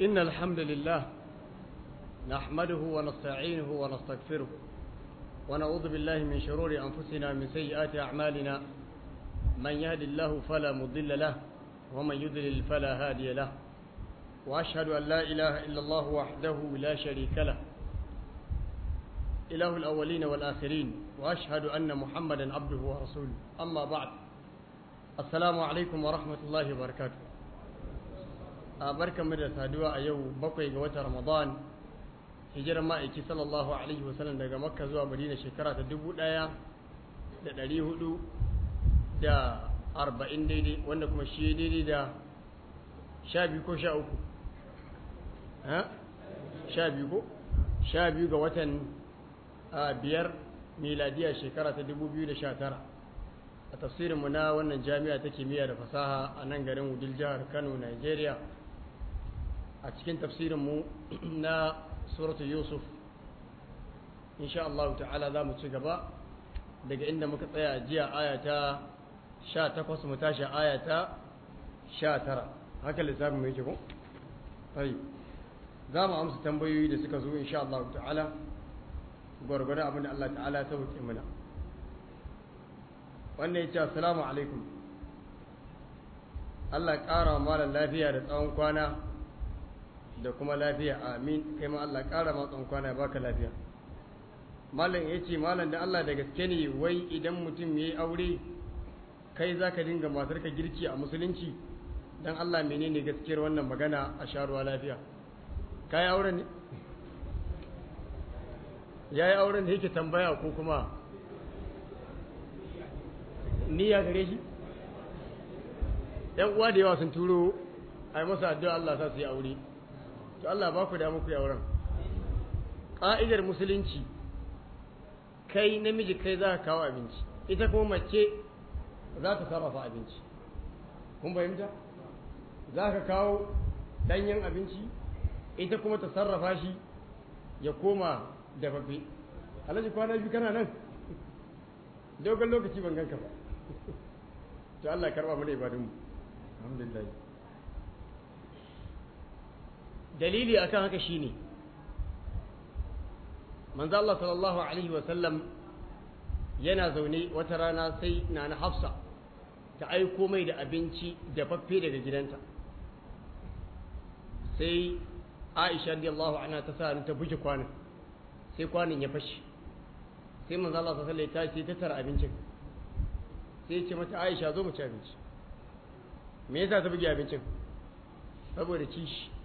إن الحمد لله نحمده ونستعينه ونستغفره ونعوذ بالله من شرور أنفسنا من سيئات أعمالنا من يهد الله فلا مضل له ومن يذلل فلا هادي له وأشهد أن لا إله إلا الله وحده لا شريك له إله الأولين والآخرين وأشهد أن محمدا عبده ورسوله أما بعد السلام عليكم ورحمة الله وبركاته a barkanmu da saduwa a yau bakwai ga watan ramadan hijirar ma'aiki sallallahu alaihi wasallam daga makka zuwa madina shekara ta dubu daya da dari hudu da arba'in daidai wanda kuma shi daidai da sha biyu ko sha uku sha biyu ko sha biyu ga watan biyar miladiya shekara ta dubu biyu da sha tara a tafsirinmu na wannan jami'a ta kimiyya da fasaha a nan garin wudil jihar kano nigeria a cikin tafsirin mu na suratu yusuf insha Allah ta'ala za mu ci gaba daga inda muka tsaya jiya ayata sha takwas mu tashi ayata sha tara haka lissafin mai ko? tayi za mu amsa tambayoyi da suka zo insha Allah ta'ala gwargwada abin da Allah ta'ala ta wuce mana wannan ya ce assalamu alaikum Allah ƙara wa malar lafiya da tsawon kwana da kuma lafiya amin kai ma Allah ƙara matsan kwana baka lafiya malam ya ce malam da Allah da gaske ne wai idan mutum ya yi aure kai za ka dinga matar ka girki a musulunci don Allah menene gaskiyar wannan magana a sharuwa lafiya ka yi auren ne ya yi auren da yake tambaya ko kuma niyya gare shi yan uwa da yawa sun turo a yi masa addu'a Allah sa su yi aure to Allah ba ku da muku wurin ƙa'idar musulunci kai namiji kai za ka kawo abinci ita kuma mace za ta sarrafa abinci kun fahimta za ka kawo ɗanyen abinci ita kuma ta sarrafa shi ya koma dafaffe alhaji kwana biyu kana nan dogon lokaci ban ganka ba to Allah karba mu da ibadunmu alhamdulillah dalili akan haka shine manzo Allah sallallahu alaihi wa sallam yana zaune wata rana sai na na Hafsa ta aiko mai da abinci da faffe daga gidanta sai Aisha radiyallahu anha ta sa ta buge kwanin sai kwanin ya fashe sai manzo Allah sallallahu alaihi wa sallam ya tashi ta tara abincin sai ce mata Aisha zo mu ci abinci me yasa ta buge abincin saboda kishi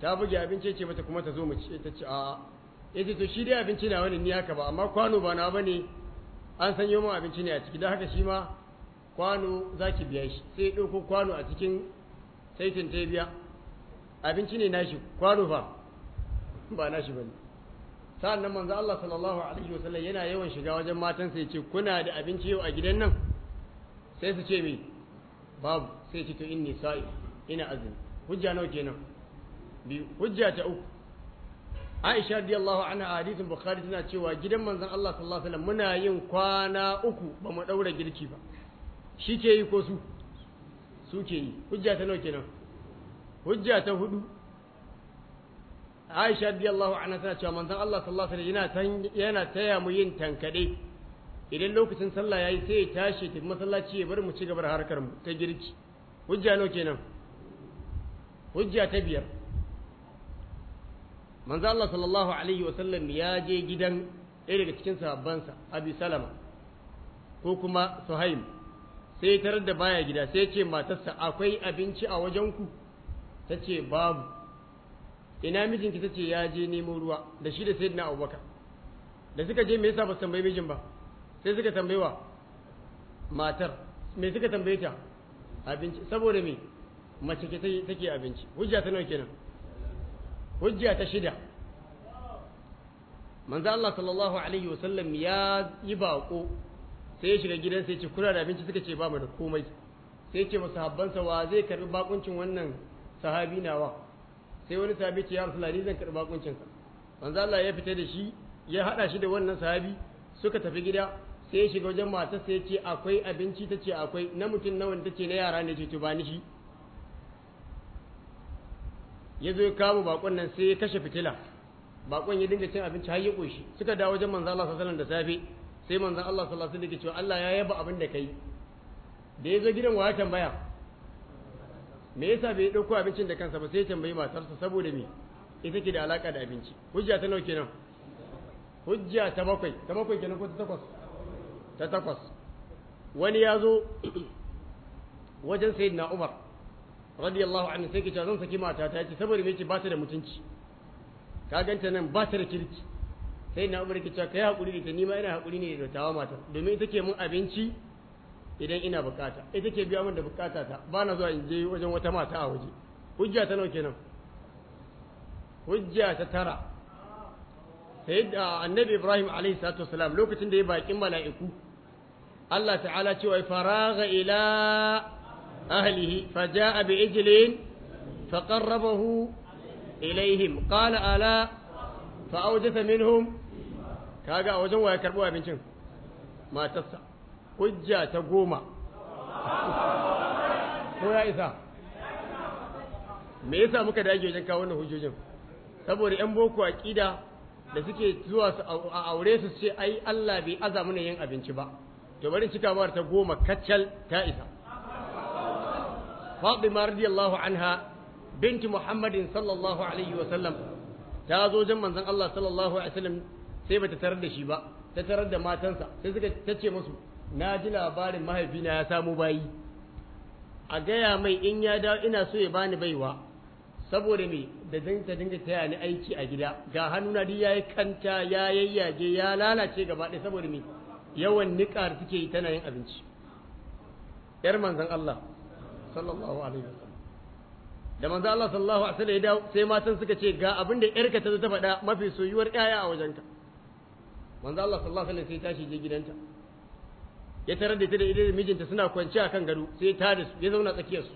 ta buge abinci ce mata kuma ta zo mu ce ta ce a'a yace to shi dai abinci na wani ni haka ba amma kwano ba na bane an sanyo min abinci ne a ciki don haka shi ma kwano zaki biya shi sai ɗauko kwano a cikin taitin ta biya abinci ne nashi kwano ba ba nashi bane sa'an nan manzo Allah sallallahu alaihi wasallam yana yawan shiga wajen matansa yace kuna da abinci yau a gidan nan sai su ce mi babu sai ce to inni sa'i ina azumi hujja nawa kenan biyu hujja ta uku Aisha radiyallahu anha hadithin Bukhari tana cewa gidan manzon Allah sallallahu alaihi wasallam muna yin kwana uku ba mu daura girki ba shi ke yi ko su suke yi hujja ta nawa kenan hujja ta hudu Aisha radiyallahu anha tana cewa manzon Allah sallallahu alaihi wasallam yana yana taya mu yin tankade idan lokacin sallah yayi sai ya tashi ta masallaci ya bar mu ci gaba da harkar mu ta girki hujja nawa kenan hujja ta biyar manzo Allah sallallahu alaihi wa sallam ya je gidan ɗaya daga cikin sahabbansa Abi Salama ko kuma Suhaim sai tarar da baya gida sai ce matarsa akwai abinci a wajenku ta ce babu ina mijinki ta ce ya je nemo ruwa da shi da sayyidina Abubakar da suka je me yasa ba su tambayi mijin ba sai suka tambayewa matar me suka tambaye ta abinci saboda me mace ke take abinci hujja ta nawa kenan hujja ta shida manzo Allah sallallahu alaihi wasallam ya yi bako sai ya shiga gidan sai ya ce kuna da abinci suka ce ba mu da komai sai ya ce musahabban sa wa zai karbi bakuncin wannan sahabi nawa sai wani sahabi ce ya Rasulullah ni zan karbi bakuncin ka manzo Allah ya fita da shi ya hada shi da wannan sahabi suka tafi gida sai ya shiga wajen matar sai ya ce akwai abinci tace akwai na mutum nawa tace na yara ne ce ba ni shi ya zo ya kawo bakon nan sai ya kashe fitila bakon ya dinga cin abinci har ya koshi suka dawo wajen manzo Allah sallallahu alaihi wasallam da safe sai manzo Allah sallallahu alaihi wasallam ya ce Allah ya yaba abin da kai da ya zo gidan wa ya tambaya me yasa bai dauko abincin da kansa ba sai ya tambayi matarsa saboda me ita ke da alaka da abinci hujja ta nawa kenan hujja ta bakwai ta bakwai kenan ko ta takwas ta takwas wani ya zo wajen sayyidina Umar radiyallahu anhu sai kace zan saki mata ta yace saboda me yake ba ta da mutunci ka ganta nan ba ta da kirki sai na umar kace kai hakuri da ni nima ina hakuri ne da tawa mata domin ita ke mun abinci idan ina bukata ita ke biya min da bukata ta ba na zuwa in je wajen wata mata a waje hujja ta nawa kenan hujja ta tara da annabi ibrahim alayhi salatu wasalam lokacin da ya bakin mala'iku Allah ta'ala cewa faragha ila أهله فجاء بعجل فقربه إليهم قال ألا فأوجف منهم كاقا أوجن ويكربوها بنشن ما تسع قجة تقوم هو يا إسا me yasa muka dage wajen kawo wannan hujjojin saboda yan boko ƙida da suke zuwa su aure su ce ai Allah bai aza mana yin abinci ba to bari cika mawar ta goma kacal ta isa fatima radiyallahu anha binti muhammadin sallallahu alaihi wa sallam ta zo jan manzon Allah sallallahu alaihi wa sallam sai bata tarar da shi ba ta tarar da matansa sai ta ce musu na ji labarin mahaifina ya samo bayi a gaya mai in ya dawo ina so ya bani baiwa saboda me da zan ta dinga taya ni aiki a gida ga hannuna duk yayi kanta ya yayyage ya lalace gaba ɗaya saboda me yawan niƙa da suke tana yin abinci yar manzon Allah sallallahu alaihi wasallam da manzo Allah sallallahu alaihi wasallam ya dawo sai matan suka ce ga abin da yarka ta ta faɗa mafi soyuwar ƴaƴa a wajenta manzo Allah sallallahu alaihi wasallam sai tashi je gidanta ya tarar da ita da ita da mijinta suna kwance kan gado sai ta da su ya zauna tsakiyar su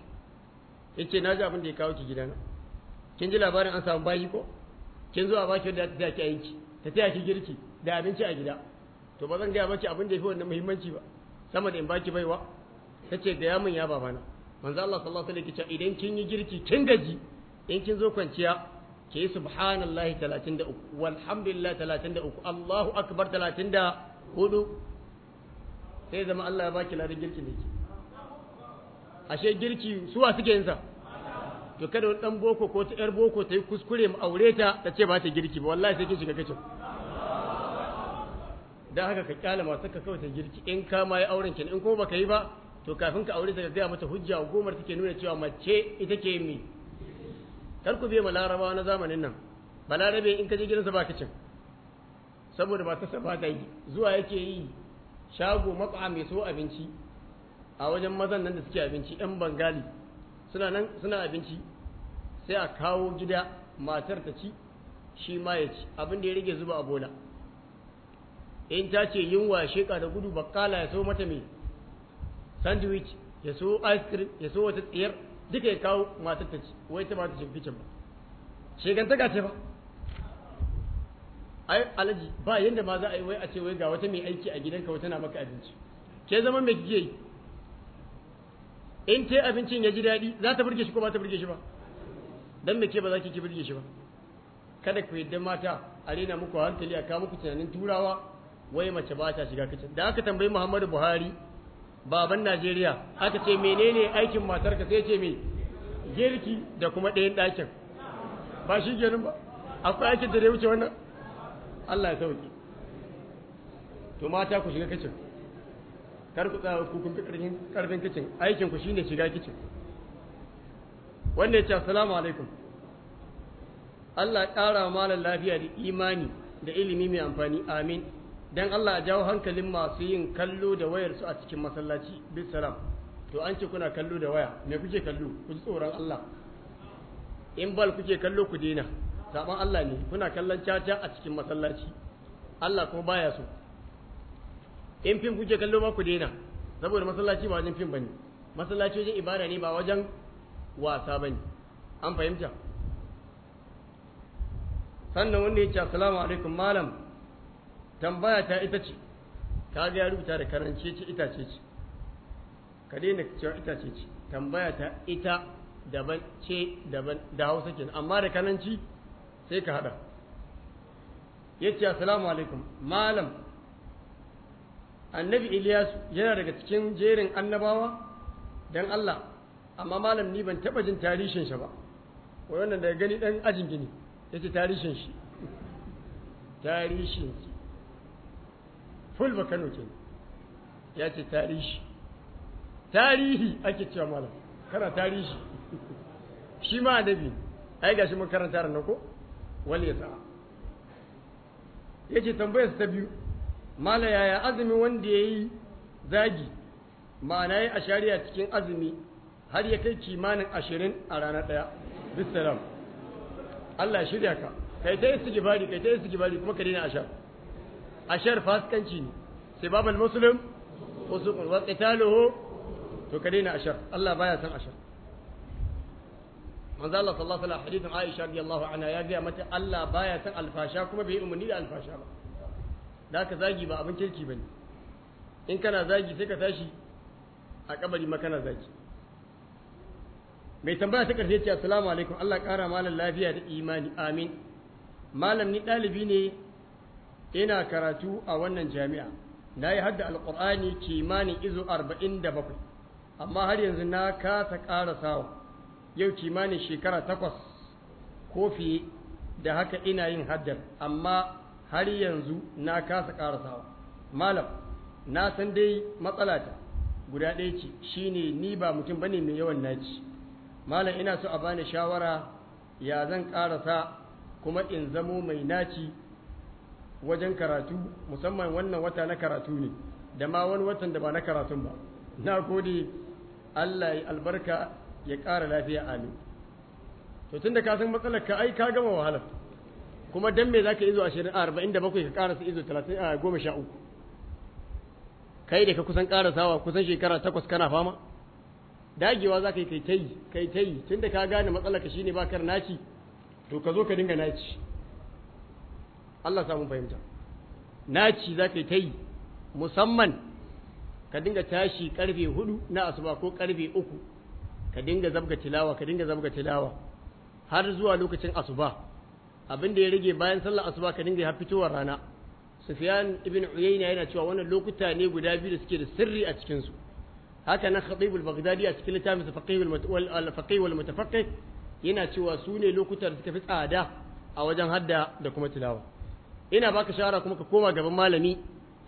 yace na ji abin da ya kawo ki gidana kin ji labarin an samu bayi ko kin zo a baki da ta taya ki aiki ta ta ki girki da abinci a gida to ba zan gaya maki abin da ya fi wannan muhimmanci ba sama da in baki baiwa ta ce da yamin ya babana manzo Allah sallallahu alaihi wasallam yake idan kin yi girki kin gaji in kin zo kwanciya ke yi subhanallahi 33 walhamdulillah 33 Allahu akbar 34 sai zama Allah ya baki ladan girkin ne ashe girki suwa suke yin sa to kada wani dan boko ko ta yar boko ta yi kuskure mu aure ta ta ce ba ta girki ba wallahi sai kin shiga kicin dan haka ka kyale masu ka kawai ta girki in ka ma yi auren kin in kuma baka yi ba to kafin ka aure ta gaya mata hujja gomar take nuna cewa mace ita ke mi kar ku biye ma larabawa na zamanin nan balarabe in ka je gidansa ba ka cin saboda ba ta saba ta yi zuwa yake yi shago matsa mai so abinci a wajen mazan nan da suke abinci yan bangali suna nan suna abinci sai a kawo gida matar ta ci shi ma ya ci abin da ya rage zuba a bola in ta ce yunwa sheka da gudu bakala ya so mata mai sandwich ya so ice cream ya so wata tsiyar duka ya kawo matar ta ci wai ta mata cikin kicin ba shegantaka gace ba ai alaji ba yanda ma za a yi wai a ce wai ga wata mai aiki a gidanka wata na maka abinci ke zama mai kike yi in ta abincin ya ji daɗi za ta burge shi ko ba ta burge shi ba dan me ke ba za ki ki burge shi ba kada ku yadda mata a rena muku hankali a kawo muku tunanin turawa wai mace ba ta shiga kicin da aka tambayi Muhammadu Buhari baban Najeriya aka ce menene aikin matarka sai ce me girki da kuma ɗayan ɗakin ba shi gerin ba akwai aikin da ya wuce wannan Allah ya sauki to mata ku shiga kicin kar ku tsaya ku kun karfin karfin kicin aikin ku shine shiga kicin wanda ya ce assalamu alaikum Allah ƙara malan lafiya da imani da ilimi mai amfani amin dan Allah a jawo hankalin masu yin kallo da wayar su a cikin masallaci bisalam to an ce kuna kallo da waya me kuke kallo ku tsoron Allah in bal kuke kallo ku dena saban Allah ne kuna kallon caca a cikin masallaci Allah kuma baya so in fim kuke kallo ba ku dena saboda masallaci ba wajen fim bane masallaci wajen ibada ne ba wajen wasa bane an fahimta sannan wanda ya ce assalamu alaikum malam tambaya ta ita ce ka ga rubuta da karance ce itace ce ka daina cewa itace ce tambaya ta ita daban ce daban da hausa ke amma da kananci sai ka hada ya ce assalamu alaikum malam annabi iliyasu yana daga cikin jerin annabawa don allah amma malam ni ban taɓa jin tarishin shi ba wannan daga gani dan ajin gini yace tarihin tarishin shi tarishin shi fulba kano ke ya ce tarihi tarihi ake cewa malam kana tarihi shi ma adabi ai gashi mun karanta ran ko wal yasa yace tambayar ta biyu mala yaya azumi wanda yayi zagi ma'ana yayi ashariya cikin azumi har ya kai kimanin ashirin a rana ɗaya bisalam Allah shirya ka kai ta yi gibari kai ta yi gibari kuma ka daina ashar ashar fasikanci ne sai babal muslim fusuqun wa qitaluhu to ka daina ashar Allah baya san ashar manzo Allah sallallahu alaihi hadithin Aisha radiyallahu anha ya ga mata Allah baya san alfasha kuma bai umarni da alfasha ba da haka zagi ba abin kirki bane in kana zagi sai ka tashi a kabari ma kana zagi mai tambaya ta karshe ce assalamu alaikum Allah kara malam lafiya da imani amin malam ni dalibi ne ina karatu a wannan jami'a na yi hadda alƙur'ani kimanin izo arba'in da bakwai amma har yanzu na kasa ƙara sawa yau kimanin shekara takwas ko fiye da haka ina yin haddar amma har yanzu na kasa ƙara sawa malam na san dai matsalata guda ɗaya ce shine ni ba mutum bane mai yawan naci malam ina so a bani shawara ya zan ƙarasa kuma in zamo mai naci wajen karatu musamman wannan wata na karatu ne da ma wani watan da ba na karatun ba na gode Allah ya albarka ya ƙara lafiya amin to tunda ka san matsalar ka ai ka gama wahala kuma dan me zaka izo 20 47 ka su izo 30 a 13 kai da ka kusan ƙara sawa kusan shekara 8 kana fama dagewa zaka yi kai tai kai tai tunda ka gane matsalar ka shine ba kar naci to ka zo ka dinga naci Allah samu fahimta naci za yi ta yi musamman ka dinga tashi karfe hudu na asuba ko karfe uku ka dinga zabga tilawa ka dinga zabga tilawa har zuwa lokacin asuba abinda ya rage bayan sallar asuba ka dinga har fitowar rana sufyan ibn uyayna yana cewa wannan lokuta ne guda biyu da suke da sirri a cikin su haka nan khatib al-baghdadi a cikin littafin al-faqih wal mutafaqih yana cewa su ne lokutan da suka fi tsada a wajen hadda da kuma tilawa ina baka shawara kuma ka koma gaban malami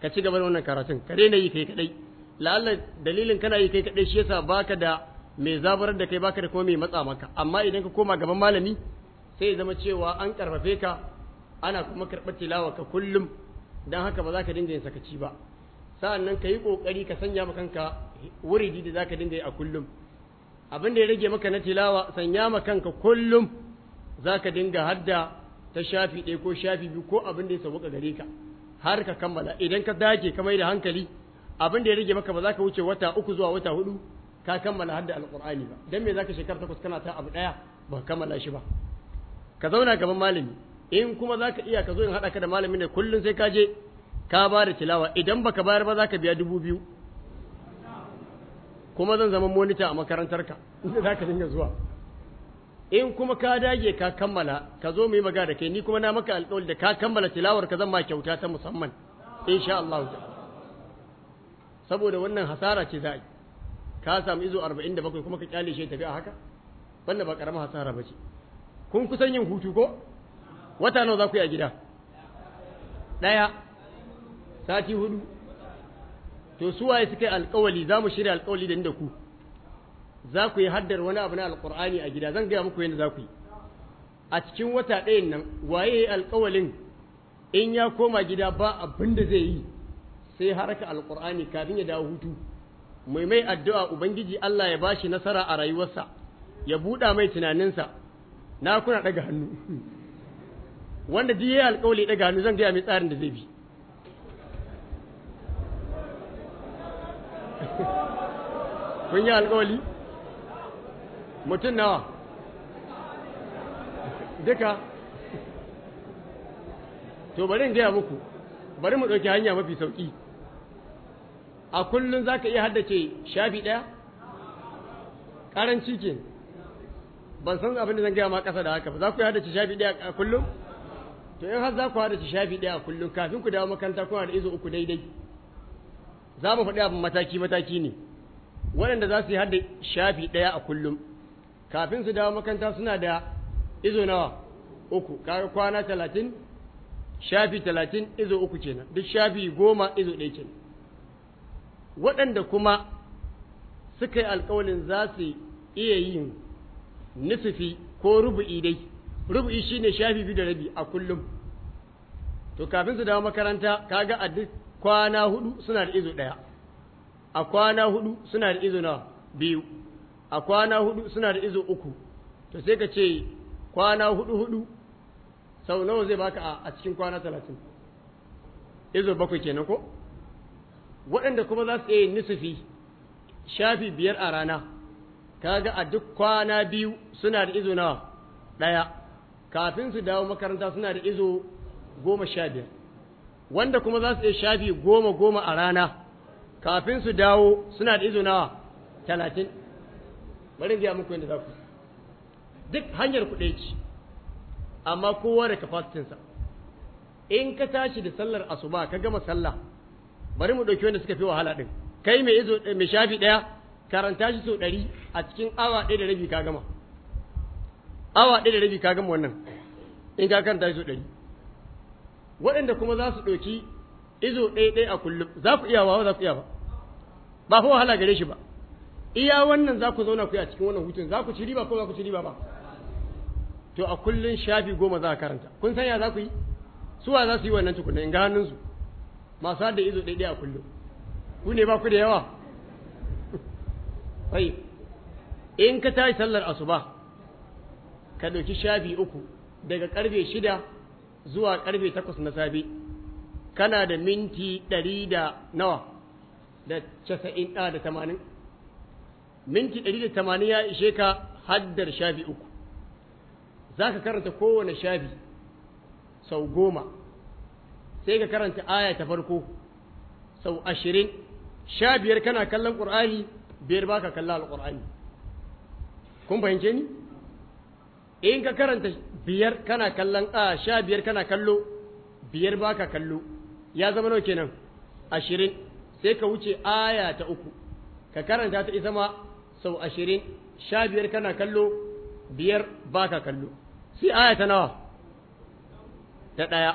ka ci gaba da wannan karatun ka daina yi kai kadai la'alla dalilin kana yi kai kadai shi yasa baka da mai zabarar da kai baka da kuma mai matsa maka amma idan ka koma gaban malami sai ya zama cewa an karfafe ka ana kuma karɓar tilawa ka kullum don haka ba za ka dinga yin sakaci ba sa'annan ka yi kokari ka sanya ma kanka wuridi da za ka dinga yi a kullum abin da ya rage maka na tilawa sanya ma kanka kullum za ka dinga hadda ta shafi ɗaya ko shafi biyu ko abin da ya sauka gare ka har ka kammala idan ka dage ka mai da hankali abin da ya rage maka ba za ka wuce wata uku zuwa wata hudu ka kammala har da alƙur'ani ba dan me za ka shekara takwas kana ta abu ɗaya ba kammala shi ba ka zauna gaban malami in kuma za ka iya ka zo in haɗa ka da malamin ne kullum sai ka je ka ba da tilawa idan baka bayar ba za ka biya dubu biyu kuma zan zama monita a makarantarka inda za ka dinga zuwa in kuma ka dage ka kammala ka zo mu yi magana da kai ni kuma na maka alƙawari da ka kammala tilawar ka zan ma kyauta ta musamman insha Allah saboda wannan hasara ce za a yi ka samu izo 47 kuma ka kyale shi tafi a haka wannan ba karamar hasara ba ce kun kusan yin hutu ko wata nawa za ku yi a gida ɗaya sati hudu to su waye suka yi alƙawari za mu shirya alƙawari da ni da ku za ku yi haddar wani abu na alkur'ani a gida zan gaya muku yadda za ku yi a cikin wata ɗayan nan waye alkawalin in ya koma gida ba abin da zai yi sai haraka alkur'ani kafin ya dawo hutu mai mai addu'a ubangiji Allah ya bashi nasara a rayuwarsa ya buɗa mai tunaninsa na kuna ɗaga hannu wanda ji yayi alkawali ɗaga hannu zan gaya mai tsarin da zai bi kun yi alkawali. mutum nawa duka to bari in gaya muku bari mu ɗauki hanya mafi sauƙi a kullum za ka iya haddace shafi ɗaya ƙaranci ke ban san abin da zan gaya ma ƙasa da haka ba za ku iya haddace shafi ɗaya a kullum to in har za ku haddace shafi ɗaya a kullum kafin ku dawo makaranta kuma da izo uku daidai za mu faɗi abin mataki mataki ne waɗanda za su yi haddace shafi ɗaya a kullum kafin su dawo makaranta suna da izo nawa uku kaga kwana talatin shafi talatin izo uku kenan duk shafi goma izo ɗaya kenan waɗanda kuma suka yi alkawalin za su iya yin nisifi ko rubu'i dai rubu'i shine shafi biyu da rabi a kullum to kafin su dawo makaranta kaga a duk kwana hudu suna da izo ɗaya a kwana hudu suna da izo nawa biyu a kwana hudu suna da izo uku to sai ka ce kwana hudu hudu sau nawa zai baka a cikin kwana talatin izo bakwai kenan ko waɗanda kuma za su yi nisufi shafi biyar a rana kaga a duk kwana biyu suna da izo nawa ɗaya kafin su dawo makaranta suna da izo goma sha biyar wanda kuma za su yi shafi goma goma a rana kafin su dawo suna da izo nawa talatin bari gaya muku yadda za ku duk hanyar kuɗe ce amma kowa da kafasitinsa in ka tashi da sallar asuba ka gama sallah bari mu ɗauki wanda suka fi wahala ɗin kai mai izo eh, mai shafi ɗaya karanta shi sau ɗari a cikin awa ɗaya da rabi ka gama awa ɗaya da rabi ka gama wannan in ka karanta shi sau ɗari waɗanda kuma za su ɗauki izo ɗaya ɗaya a kullum za ku iya wa za ku iya ba ba fa wahala gare shi ba iya wannan za ku zauna ku yi a cikin wannan hutun za ku ci riba ko za ku ci riba ba to a kullun shafi goma za a karanta kun san za ku yi suwa za su yi wannan tukunna in ga hannunsu masu hada izo daidai a kullum ku ne ba ku da yawa ai in ka tashi sallar asuba ka ɗauki shafi uku daga karfe shida zuwa karfe takwas na safe kana da minti ɗari da nawa da casa'in ah, da tamanin minti 180 ya ishe ka haddar shafi uku za ka karanta kowane shafi sau goma sai ka karanta aya ta farko sau ashirin shabiyar kana kallon ƙur'ani biyar ba ka kalla alƙur'ani kun fahimce ni in ka karanta biyar kana kallon a shabiyar kana kallo biyar ba ka kallo ya zama nau kenan ashirin sai ka wuce aya ta uku ka karanta ta isa ma sau ashirin sha biyar kana kallo biyar ba ka kallo sai aya ta nawa ta ɗaya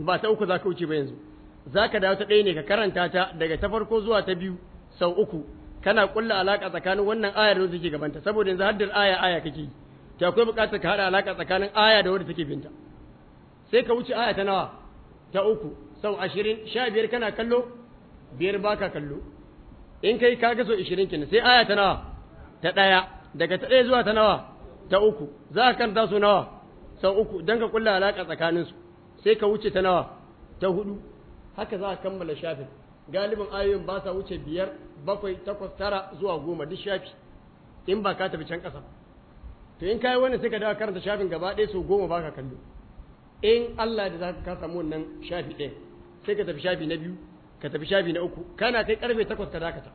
ba ta uku za ka wuce ba yanzu za ka dawo ta ɗaya ne ka karanta ta daga ta farko zuwa ta biyu sau uku kana kulla alaƙa tsakanin wannan aya da take gabanta saboda yanzu haddar aya aya kake yi ta akwai buƙatar ka haɗa alaka tsakanin aya da wanda take binta sai ka wuce aya ta nawa ta uku sau ashirin sha biyar kana kallo biyar ba ka kallo in kai kaga so 20 kenan sai aya ta nawa ta daya daga ta daya zuwa ta nawa ta uku za ka karanta su nawa sau uku dan ka kulla alaka tsakanin su sai ka wuce ta nawa ta hudu haka za ka kammala shafin galibin ayoyin ba sa wuce biyar bakwai takwas tara zuwa goma duk shafi in ba ka tafi can kasa to in kayi wannan sai ka dawo karanta shafin gaba ɗaya sau goma ba ka kallo in Allah da za ka samu wannan shafi ɗin sai ka tafi shafi na biyu ka tafi shafi na uku kana kai karfe takwas ka dakata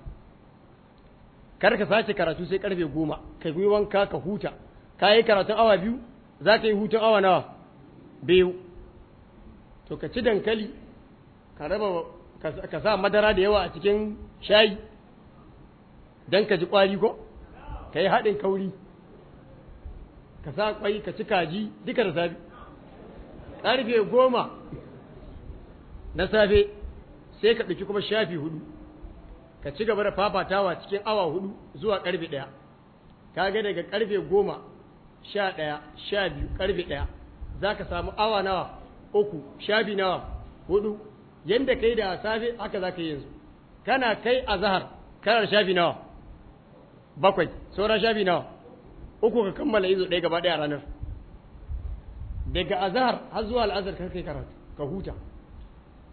kar ka sace karatu sai karfe goma ka yi wanka ka huta ka yi karatun awa biyu za ka yi hutun awa nawa biyu to ka ci dankali ka raba ka sa madara da yawa a cikin shayi don ka ji kwari ko ka yi haɗin kauri ka sa kwai ka ci kaji duka da safe ƙarfe goma na safe sai ka ɗauki kuma shafi hudu ka ci gaba da fafatawa cikin awa hudu zuwa ƙarfe ɗaya ka ga daga ƙarfe goma sha ɗaya sha biyu ƙarfe ɗaya za ka samu awa nawa uku shafi nawa hudu yadda ka yi da safe haka za ka yi yanzu kana kai a zahar kanar shafi nawa bakwai sauran shafi nawa uku ka kammala izo ɗaya gaba ɗaya ranar daga azahar har zuwa al'azar ka kai karatu ka huta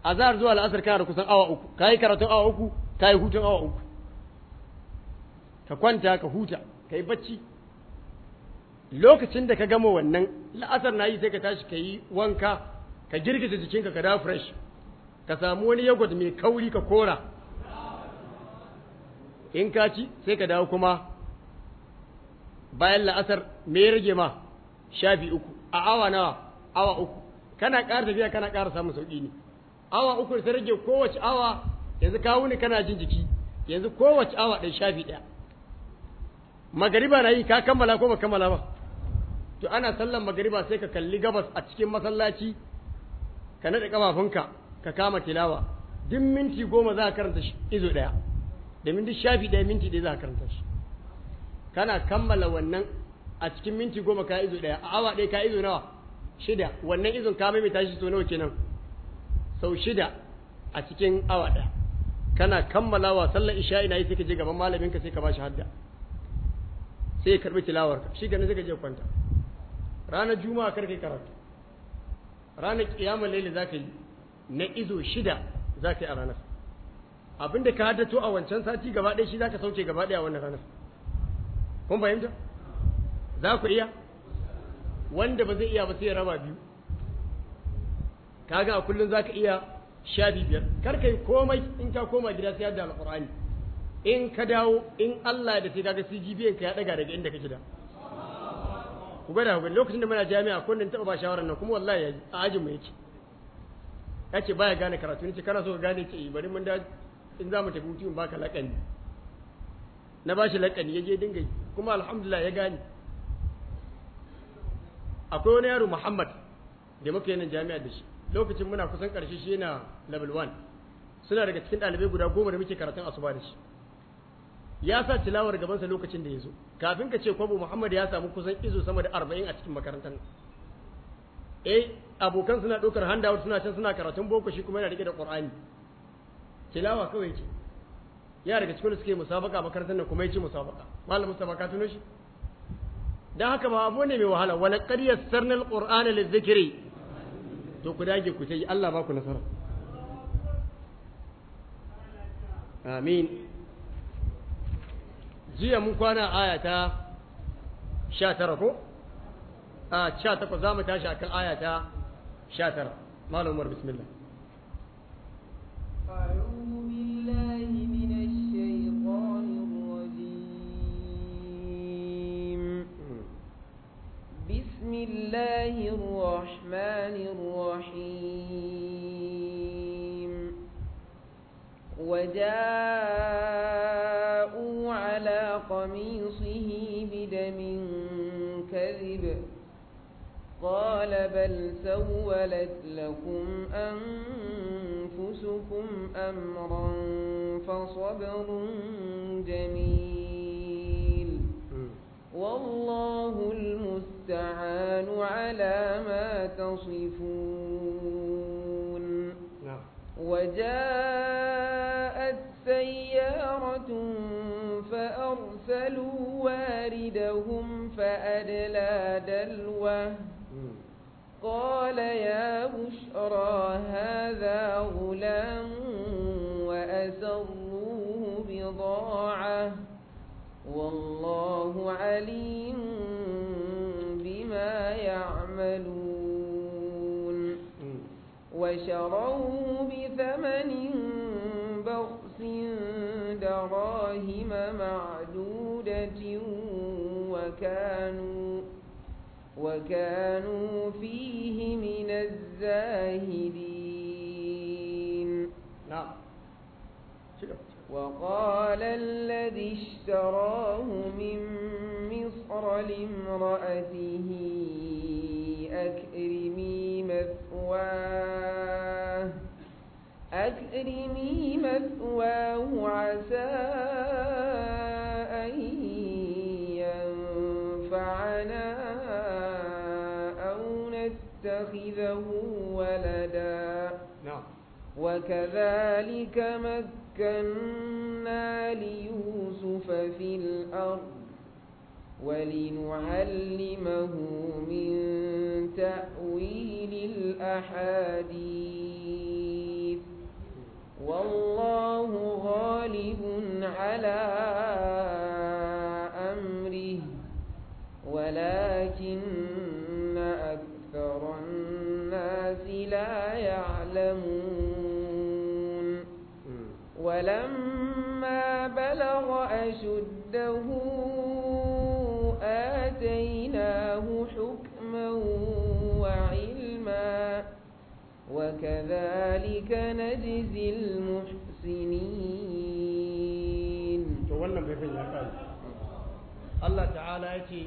Azahar zuwa al'asar kana da kusan awa uku ka yi karatun awa uku yi hutun awa uku ka kwanta ka huta ka yi bacci lokacin da ka gama wannan la'asar na yi sai ka tashi ka yi wanka ka girgiza jikinka ka da fresh ka samu wani yogurt mai kauri ka kora in ka ci sai ka dawo kuma bayan la'asar mai rage ma shafi uku a awa nawa awa uku kana ƙara tafiya kana ƙara samun sauƙi ne awa uku ta rage kowace awa yanzu ka wuni kana jin jiki yanzu kowace awa ɗaya shafi ɗaya magariba na yi ka kammala ko ba kammala ba to ana sallan magariba sai ka kalli gabas a cikin masallaci ka naɗe ƙafafunka ka kama tilawa duk minti goma za ka karanta shi izo ɗaya domin duk shafi ɗaya minti ɗaya za ka karanta shi kana kammala wannan a cikin minti goma ka izo ɗaya a awa ɗaya ka izo nawa shida wannan izon ka maimaita shi so nawa kenan sau shida a cikin awa ɗaya kana kammalawa sallar isha ina yi sai ka je gaban malamin ka sai ka ba shi hadda sai ya karbi tilawar ka shi gani zai ka je kwanta ranar juma'a kar karatu ranar kiyama laili za ka yi na izo shida za ka yi a ranar abinda ka haddato a wancan sati gaba ɗaya shi za ka sauke gaba ɗaya a wannan ranar kun fahimta za ku iya wanda ba zai iya ba sai ya raba biyu kaga a kullun zaka iya shafi biyar kar kai komai in ka koma gida sai da alqur'ani in ka dawo in Allah da sai kaga CGB ka ya daga daga inda kake da ku da ku lokacin da muna jami'a ko nan taba ba shawaran nan kuma wallahi a ajin mu yake yace baya gane karatu ne ce kana so ka gane ce eh, bari mun da in za mu tafi hutun baka lakani na bashi lakani yaje dinga kuma alhamdulillah ya gane akwai wani yaro Muhammad da muke yin jami'a da shi lokacin muna kusan karshe shi na level 1 suna daga cikin ɗalibai guda goma da muke karatun asuba da shi ya sa tilawar gabansa lokacin da ya zo kafin ka ce kwabo muhammad ya samu kusan izo sama da arba'in a cikin makarantar eh abokan suna ɗaukar handout suna can suna karatun boko shi kuma yana rike da ƙur'ani tilawa kawai ce ya daga cikin suke musabaka makarantar nan kuma ce musabaka malam mustafa ka tuno shi dan haka ba abu ne mai wahala wala qad yassarna alqur'ana lizikri to ku dage ku tayi Allah ba ku nasara amin jiya mun kwana aya ta 19 ko a 18 za mu tashi akan aya ta 19 malam Umar bismillah الله الرحمن الرحيم وجاءوا على قميصه بدم كذب قال بل سولت لكم أنفسكم أمرا فصبر جميل والله المؤمن المستعان على ما تصفون نعم. وجاءت سيارة فأرسلوا واردهم فأدلى دلوه قال يا بشرى هذا غلام وأسروه بضاعة والله عليم يعملون وشروه بثمن بخس دراهم معدودة وكانوا وكانوا فيه من الزاهدين نعم وقال الذي اشتراه من مصر لامرأته مثواه أكرمي مثواه عسى أن ينفعنا أو نتخذه ولدا نعم وكذلك مكنا ليوسف في الأرض ولنعلمه من تأويل الأحاديث والله غالب على أمره ولكن أكثر الناس لا يعلمون ولما بلغ أشده وكذلك نجزي المحسنين الله تعالى يتي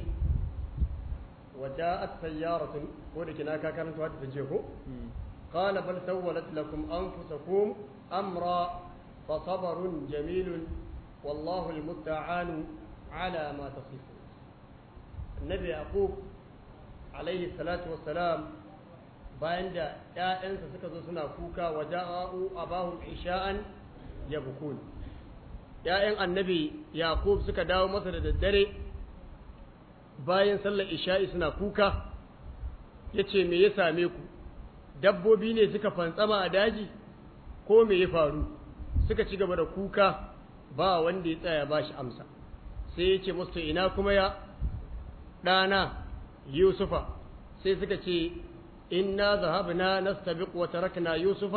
وجاءت سيارة ودك ناكا كانت تجيكو قال بل سولت لكم أنفسكم أمرا فصبر جميل والله المستعان على ما تصفون النبي يعقوب عليه الصلاة والسلام bayan da ‘ya'yansa suka zo suna kuka wa ja'a'u bahun isha'an ya bukun ‘ya'yan annabi yakub suka dawo masa da daddare bayan sallar isha'i suna kuka ya ce me ya same ku dabbobi ne suka fantsama a daji ko me ya faru suka ci gaba da kuka ba wanda ya tsaya ba shi amsa sai ya ce ina kuma ya ɗana yusufa sai suka ce إنا Yusufa, inda وتركنا يوسف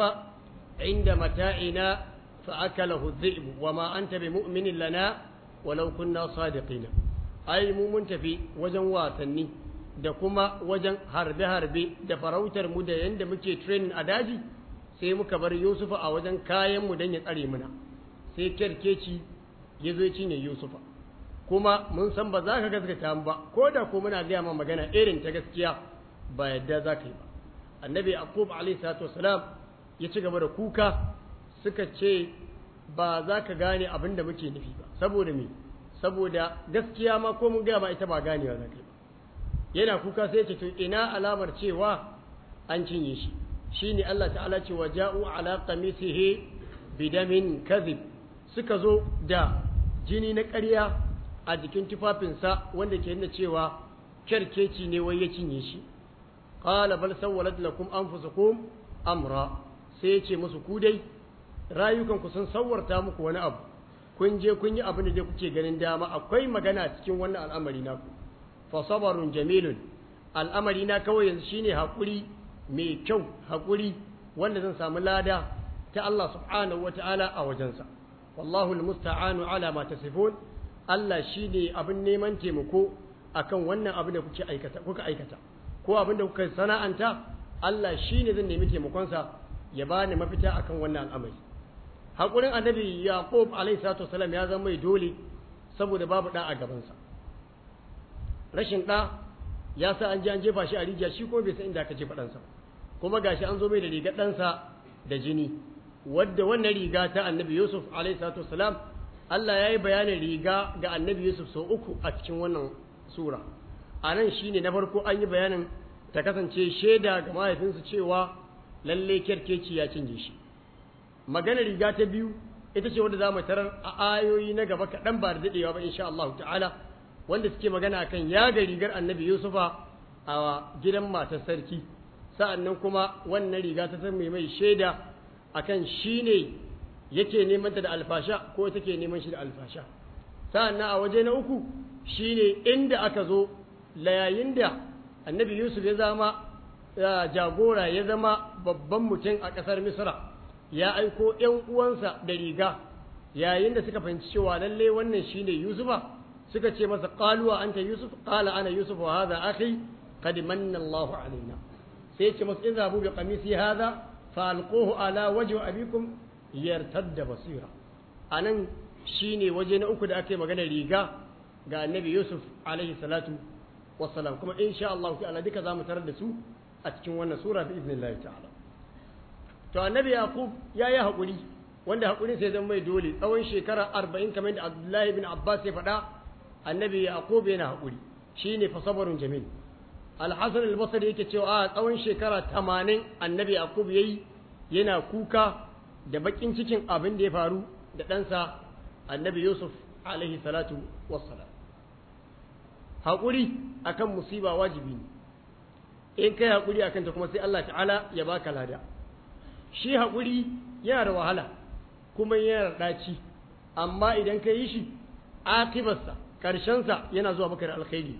عند متاعنا فأكله الذئب وما أنت بمؤمن لنا ولو كنا صادقين أي mun tafi wajen واسني da kuma wajen harbe-harbe da farautar mu da yanda muke training a daji sai muka bar Yusufa a wajen kayan mu don ya tsare muna sai karkeci ya zo cinye Yusufa kuma mun san ba za ka gaskata mu ba ko da ko muna gaya magana irin ta gaskiya ba yadda za ka yi ba annabi aqub alayhi salatu wasalam ya ci gaba da kuka suka ce ba za ka gane abin da muke nufi ba saboda me saboda gaskiya ma ko mun gaya ma ita ba ganewa za ka ba yana kuka sai ya ce to ina alamar cewa an cinye shi shine Allah ta'ala ce wa ja'u ala qamisihi bidamin kadhib suka zo da jini na ƙarya a jikin tufafinsa wanda ke nuna cewa kyarkeci ne wai ya cinye shi qala bal sawwalat lakum anfusukum amra sai ya ce musu ku dai rayukan ku sun sawwarta muku wani abu kun je kun yi abin da dai kuke ganin dama akwai magana cikin wannan al'amari naku fa sabarun jamilun al'amari na kawai yanzu shine hakuri mai kyau hakuri wanda zan samu lada ta Allah subhanahu wataala a wajensa wallahu almusta'anu ala ma tasifun Allah shine abin neman taimako akan wannan abin da kuke aikata kuka aikata ko abin da kuka sana'anta Allah shi ne zan nemi taimakonsa ya ba ni mafita akan wannan al'amari haƙurin annabi yaqub alaihi salatu wasalam ya zama mai dole saboda babu ɗa a gabansa rashin ɗa ya sa an je an jefa shi a rijiya shi kuma bai san inda aka jefa ɗansa kuma gashi an zo mai da rigar ɗansa da jini wadda wannan riga ta annabi yusuf alaihi salatu wasalam Allah ya yi bayanin riga ga annabi yusuf sau uku a cikin wannan sura a nan shi ne na farko an yi bayanin ta kasance shaida ga mahaifinsu cewa lalle kyarkeci ya cinye shi magana riga ta biyu ita ce wanda za mu tarar a ayoyi na gaba kaɗan ba da daɗewa ba insha Allah ta'ala wanda suke magana akan ga rigar annabi Yusufa a gidan matar sarki sa'annan kuma wannan riga ta san mai mai shaida akan shi ne yake neman ta da alfasha ko take neman shi da alfasha sa'annan a waje na uku shine inda aka zo yayin da annabi yusuf ya zama jagora ya zama babban mutum a ƙasar misra ya aiko ‘yan uwansa da riga yayin da suka fahimci cewa lallai wannan shine yusufa suka ce masa ƙaluwa anta yusuf ƙala ana yusuf wa haza akhi qad manna alaina sai ce masa idza bu bi qamisi haza fa alquhu ala wajhi abikum yartadda basira anan shine waje na uku da ake magana riga ga annabi yusuf alaihi salatu wassalam kuma sha Allah ta'ala duka zamu tarar da su a cikin wannan sura bi iznillahi ta'ala to annabi yaqub yayi hakuri wanda hakurin sai zan mai dole tsawon shekara 40 kamar da abdullah ibn Abbas ya faɗa annabi yaqub yana hakuri shine fa sabrun jamil al-hasan al-basri yake cewa a tsawon shekara 80 annabi yaqub yayi yana kuka da bakin cikin abin da ya faru da ɗansa annabi yusuf alaihi salatu wassalam haƙuri akan musiba wajibi ne in kai haƙuri akan ta kuma sai Allah ta'ala ya baka lada shi haƙuri yana da wahala kuma yana da ɗaci amma idan ka yi shi akibarsa ƙarshensa yana zuwa maka da alkhairi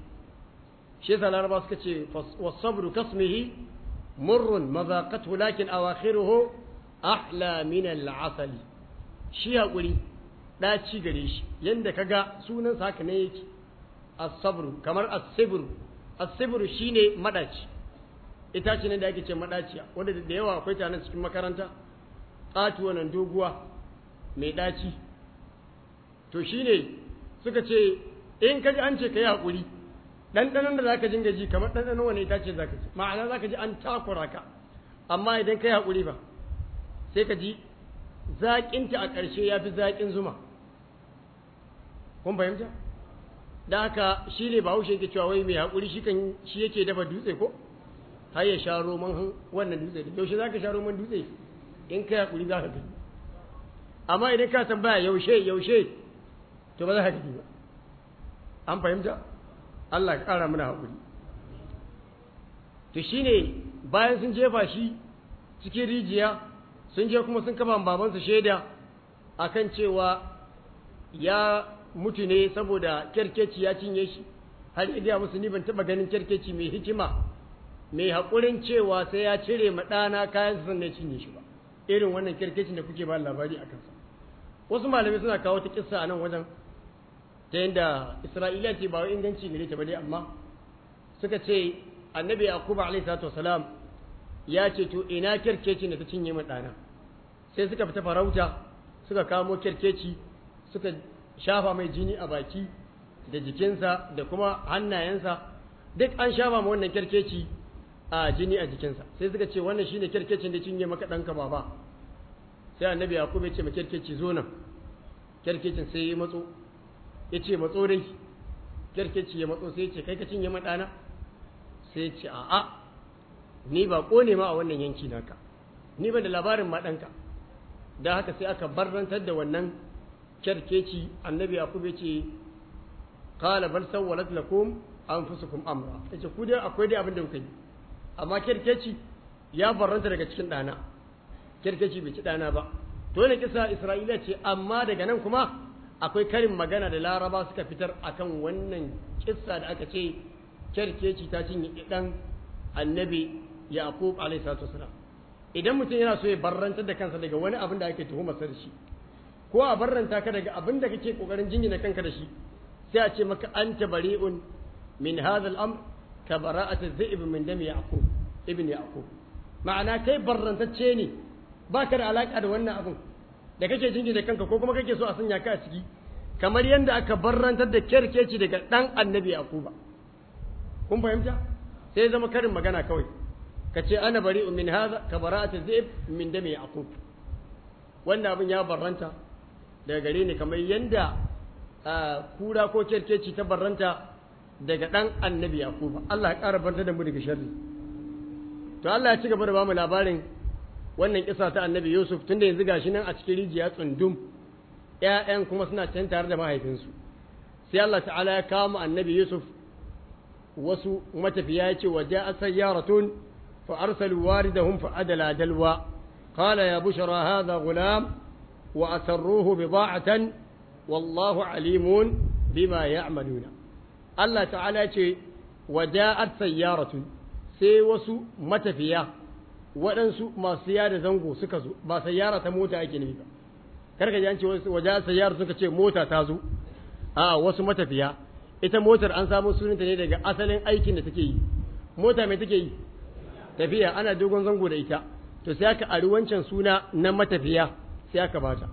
shi yasa laraba suka ce wasabru kasmihi murrun mazaqatu lakin awakhiruhu ahla min al'asali shi haƙuri ɗaci gare shi yanda ka sunan sa haka ne yake as kamar as-sibru as shine madaci itace ne da ake ce madaciya wanda da yawa akwai tana cikin makaranta tsatu wannan doguwa mai daci to shine suka ce in kaji an ce kai hakuri dan da zaka jinga ji kamar dandanon wani itace zaka ji ma'ana zaka ji an takura ka amma idan kai hakuri ba sai ka ji zaƙinta a ƙarshe yafi zakin zuma kun fahimta da haka shi ne haushe yake cewa wai mai haƙuri shi kan shi yake dafa dutse ko har ya sha roman wannan dutse da yaushe za ka sha roman dutse in ka haƙuri za ka gani amma idan ka san baya yaushe yaushe to ba za ka gani ba an fahimta Allah ƙara mana haƙuri to shi ne bayan sun jefa shi cikin rijiya sun je kuma sun kama babansa shaida akan cewa ya mutu ne saboda kyarkeci ya cinye shi har gaya musu ni taba ganin kyarkeci mai hikima mai haƙurin cewa sai ya cire ma ɗana kayan ne cinye shi ba irin wannan kyarkeci da kuke ba labari a kansa wasu malamai suna kawo ta kisa a nan wajen ta yadda isra'ila ce ba wa inganci gare ta ba dai amma suka ce annabi akuba alaihi salatu wasalam ya ce to ina kyarkeci da ta cinye maɗana sai suka fita farauta suka kamo kyarkeci suka shafa mai jini a baki da jikinsa da kuma hannayensa duk an shafa mai wannan kyarkeci a jini a jikinsa sai suka ce wannan shine kyarkecin da cinye maka ɗanka baba sai annabi yaqub ya ce ma kyarkeci zo nan kyarkecin sai ya matso ya ce matso dai kyarkeci ya matso sai ya ce kai ka cinye maɗana sai ya ce a'a ni ba ne ma a wannan yanki naka ni ba da labarin maɗanka da haka sai aka barrantar da wannan kyarkeci annabi yaqub ce qala bal sawwalat lakum anfusukum amra yace ku dai akwai dai abin da kuka yi amma kyarkeci ya barranta daga cikin dana kyarkeci bai ci dana ba dole kisa isra'ila ce amma daga nan kuma akwai karin magana da laraba suka fitar akan wannan kissa da aka ce kyarkeci ta cinye dan annabi yaqub alaihi salatu wasalam idan mutum yana so ya barrantar da kansa daga wani abin da ake tuhumar sa shi ko a barranta ka daga abin da kake kokarin jingina kanka da shi sai a ce maka anta bari'un min hadha al-amr ka bara'at adh-dhi'b min dam yaqub ibn yaqub ma'ana kai barrantacce ne baka da alaka da wannan abin da kake jingina kanka ko kuma kake so a sanya ka a ciki kamar yadda aka barrantar da kerkeci daga dan annabi yaquba kun fahimta sai zama karin magana kawai ka ce ana bari'un min hadha ka bara'at adh-dhi'b min dam yaqub wannan abin ya barranta daga gare ni kamar yadda kura ko kerkeci ta barranta daga ɗan annabi yakuba Allah ya ƙara barta da mu daga sharri to Allah ya ci gaba da bamu labarin wannan kisa ta annabi yusuf tunda yanzu gashi nan a cikin rijiya tsundum ƴaƴan kuma suna can tare da mahaifinsu sai Allah ta'ala ya kawo annabi yusuf wasu matafiya ya ce waje a sayyaratun fa arsalu waridahum fa adala dalwa qala ya bushra hadha gulam وأسروه بضاعة والله عليم بما يعملون الله تعالى ce wada'at sayyaratun sai wasu matafiya waɗansu masu yada zango suka zo ba sayyara ta mota ake nufi ba karka an ce wada'at suka mota ta zo a wasu matafiya ita motar an samu sunanta ne daga asalin aikin da take yi mota mai take yi tafiya ana dogon zango da ita to sai aka ari wancan suna na matafiya sai aka bata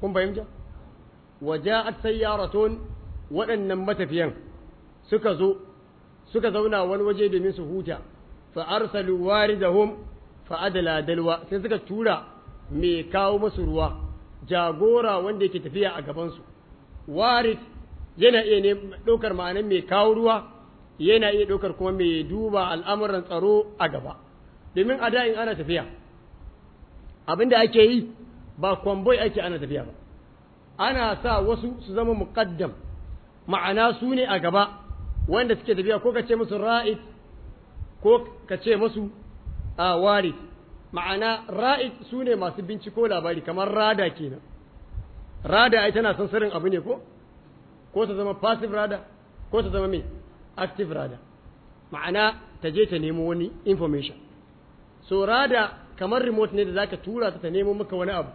kun fahimta waja'at sayyaratun waɗannan matafiyan suka zo suka zauna wani waje domin su huta fa arsalu waridahum fa adala dalwa sai suka tura mai kawo musu ruwa jagora wanda yake tafiya a gaban su warid yana iya ɗaukar ma'anar mai kawo ruwa yana iya dokar kuma mai duba al'amuran tsaro a gaba domin a in ana tafiya abinda ake yi ba kwamboi ake ana tafiya ba ana sa wasu su zama muqaddam ma'ana su ne a gaba wanda suke tafiya ko ka ce musu ra'id ko ka ce musu a ma'ana ra'id su ne masu binciko labari kamar rada kenan rada ai tana son sirrin abu ne ko ko ta zama passive rada ko ta zama me active rada ma'ana ta je ta nemo wani information so rada kamar remote ne da zaka tura ta ta nemo maka wani abu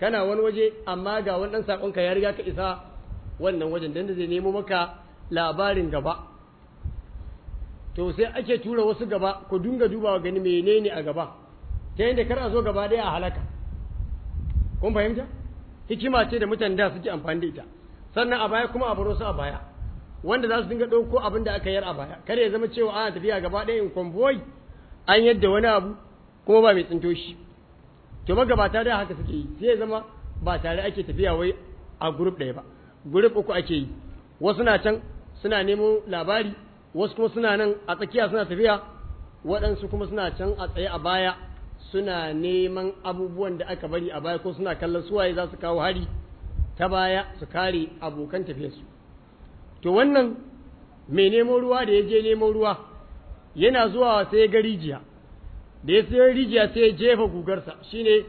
kana wani waje amma ga wani dan sakonka ya riga ka isa wannan wajen dan da zai nemo maka labarin gaba to sai ake tura wasu gaba ku dinga dubawa gani menene a gaba ta yadda kar a zo gaba daya a halaka kun fahimta hikima ce da mutane da suke amfani da ita sannan a baya kuma a baro su a baya wanda za su dinga ɗauko abin da aka yar a baya kar ya zama cewa ana tafiya gaba ɗaya in kwamboi an yadda wani abu kuma ba mai tsintoshi. to magabata da haka suke yi sai zama ba tare ake tafiya wai a group ɗaya ba group uku ake yi wasu na can suna nemo labari wasu kuma suna nan a tsakiya suna tafiya waɗansu kuma suna can a tsaye a baya suna neman abubuwan da aka bari a baya ko suna kallon suwaye za su kawo hari ta baya su kare abokan tafiyarsu to wannan mai nemo ruwa da ya je nemo ruwa yana zuwa sai ya ga rijiya da ya sai rijiya sai ya jefa gugarsa shine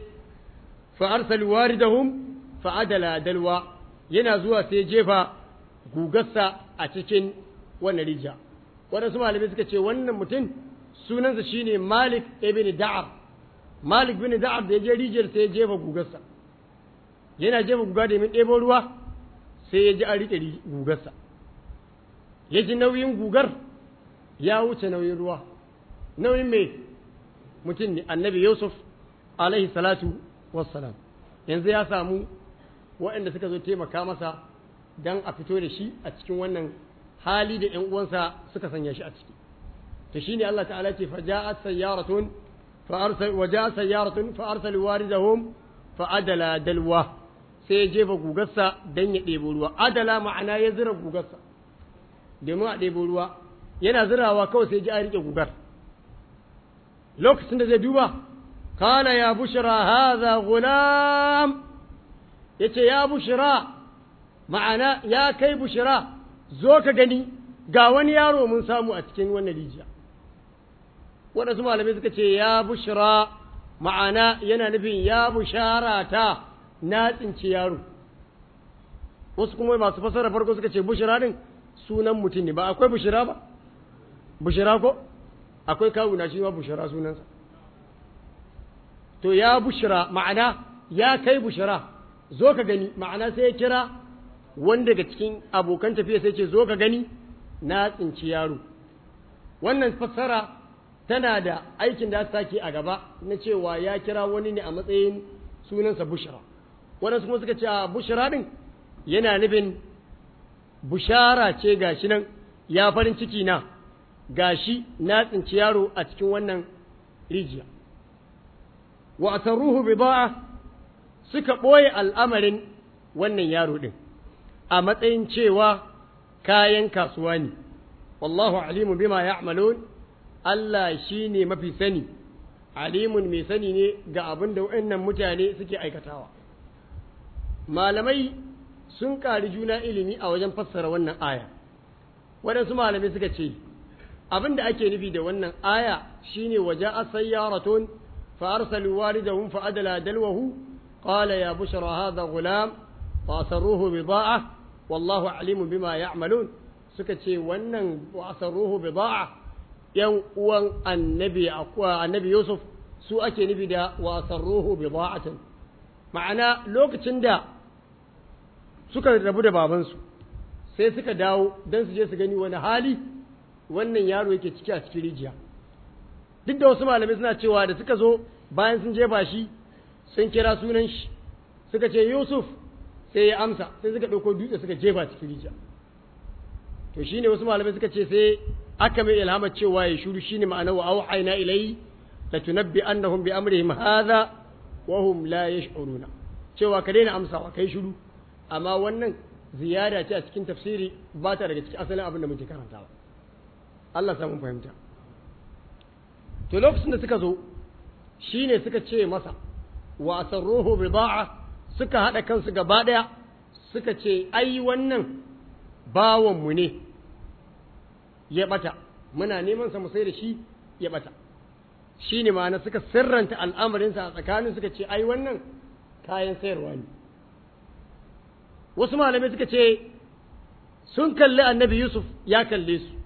fa arsalu waridahum fa'adala dalwa yana zuwa sai jefa gugarsa a cikin wannan rijiya waɗansu malamai suka ce wannan mutum sunansa shi ne Malik ibn da'ar Malik ibn da'ar da ya je rijiyar sai ya jefa gugarsa yana jefa guga da yamin ɗebo ruwa sai ya ji a riƙe gugarsa ya ji nauyin gugar ya wuce nauyin ruwa nauyin mai mutum ne annabi yusuf alaihi salatu wassalam yanzu ya samu waɗanda suka zo taimaka masa don a fito da shi a cikin wannan hali da ‘yan uwansa suka sanya shi a ciki to shine Allah ta'ala ce faja'at sayyaratun fa arsal waja'a sayyaratun fa arsal waridahum fa adala dalwa sai jefa gugarsa dan ya ɗebo ruwa adala ma'ana ya zira gugarsa domin a ɗebo ruwa yana zirawa kawai sai ji a rike gugar lokacin da zai duba kala ya bushira hada gulam yace ya bushira ma'ana ya kai bushira zo ka gani ga wani yaro mun samu a cikin wannan rijiya waɗansu malamai suka ce ya bushira ma'ana yana nufin ya bushara ta na tsinci yaro wasu kuma masu fasara farko suka ce bushira din sunan mutum ne ba akwai bushira ba bushira ko akwai kawuna shi ma bushara sunansa to ya bushara ma'ana ya kai bushara zo ka gani ma'ana sai ya kira wanda daga cikin abokan tafiya sai ce zo ka gani na tsinci yaro wannan fassara tana da aikin da ke a gaba na cewa ya kira wani ne a matsayin sunansa bushara waɗansu kuma suka ce a bushara ɗin yana nufin bushara ce ga shi nan ya farin ciki na gashi na tsinci yaro a cikin wannan rijiya wa ba bida'a suka ɓoye al'amarin wannan yaro ɗin. a matsayin cewa kayan kasuwa ne wallahu alimu bima ya'malun Allah ne mafi sani alimun mai sani ne ga abin da waɗannan mutane suke aikatawa malamai sun ƙari juna ilimi a wajen fassara wannan aya waɗansu malamai suka ce abin da ake nufi da wannan aya shine waja'a sayyaratun fa arsalu walidahum fa adala dalwahu qala ya bushra hadha gulam fa asarruhu bida'a wallahu alimu bima ya'malun suka ce wannan wa asarruhu bida'a yan uwan annabi akwa annabi yusuf su ake nufi da wa asarruhu bida'atan ma'ana lokacin da suka rabu da babansu sai suka dawo don su je su gani wani hali wannan yaro yake ciki a cikin rijiya duk da wasu malamai suna cewa da suka zo bayan sun jefa shi sun kira sunan shi suka ce yusuf sai ya amsa sai suka ɗauko dutse suka jefa cikin rijiya to shine wasu malamai suka ce sai aka mai ilhamar cewa ya shuru shine ma'ana wa aina ilai la tunabbi annahum bi amrihim hadha wa hum la yash'uruna cewa ka daina amsawa kai shuru amma wannan ziyara ce a cikin tafsiri ba ta daga cikin asalin abin da muke karantawa Allah samu fahimta to lokacin da suka zo shine suka ce masa wa asarruhu bida'a suka haɗa kansu gaba daya suka ce ai wannan bawan mu ne ya bata muna neman sa mu sai da shi ya bata shine ma'ana suka sirranta al'amarin a tsakanin suka ce ai wannan kayan sayarwa ne wasu malamai suka ce sun kalli annabi Yusuf ya kalle su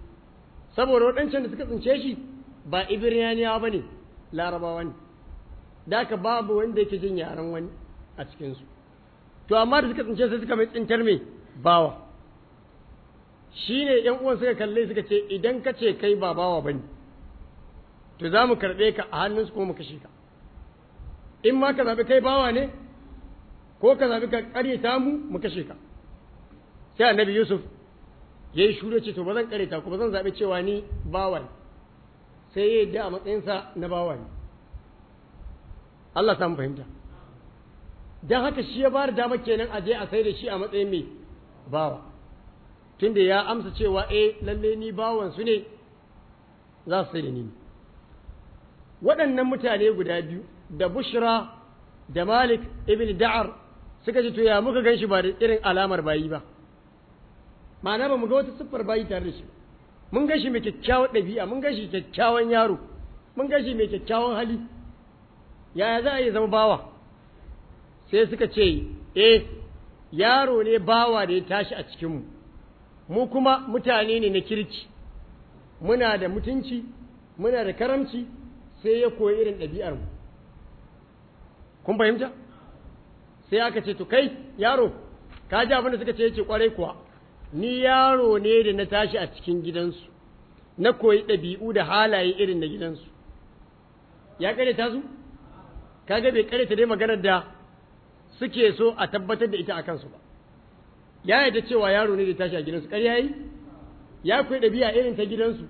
saboda waɗancan da suka tsince shi ba ibiriyaniya ba ne larabawa ne da aka babu wanda yake jin yaren wani a cikinsu to amma da suka tsince sai suka mai tsintar mai bawa shi ne ‘yan uwan suka kalle suka ce idan ka ce kai ba bawa ba ne to za mu karɓe ka a hannunsu kuma mu kashe ka in ma ka zaɓi kai bawa ne ko ka zaɓi ka ƙaryata mu mu kashe ka sai annabi yusuf yayi shuru ce to zan kare ta kuma zan zaɓi cewa ni bawan sai ya da a matsayinsa na bawan Allah ta fahimta don haka shi ya ba da dama kenan a je a sai da shi a matsayin mai bawa tun da ya amsa cewa e lalle ni bawan su ne za su sai da ni waɗannan mutane guda biyu da bushra da malik ibn da'ar suka ji to ya muka gan shi ba da irin alamar bayi ba ma'ana ba mu ga wata siffar bayi tare da shi mun ga mai kyakkyawan ɗabi'a mun ga kyakkyawan yaro mun ga mai kyakkyawan hali yaya za a yi zama bawa sai suka ce eh yaro ne bawa da ya tashi a cikinmu mu kuma mutane ne na kirki muna da mutunci muna da karamci sai ya koyi irin ɗabi'armu kun fahimta sai aka ce to kai yaro ka ji abin da suka ce yake kwarai kuwa ni yaro ne da na tashi a cikin gidansu na koyi ɗabi'u da halaye irin na gidansu ya ta su kaga bai ta dai maganar da suke so a tabbatar da ita a kansu ba ya ta cewa yaro ne da tashi a gidansu ƙarya yi ya koyi ɗabi'a irin ta gidansu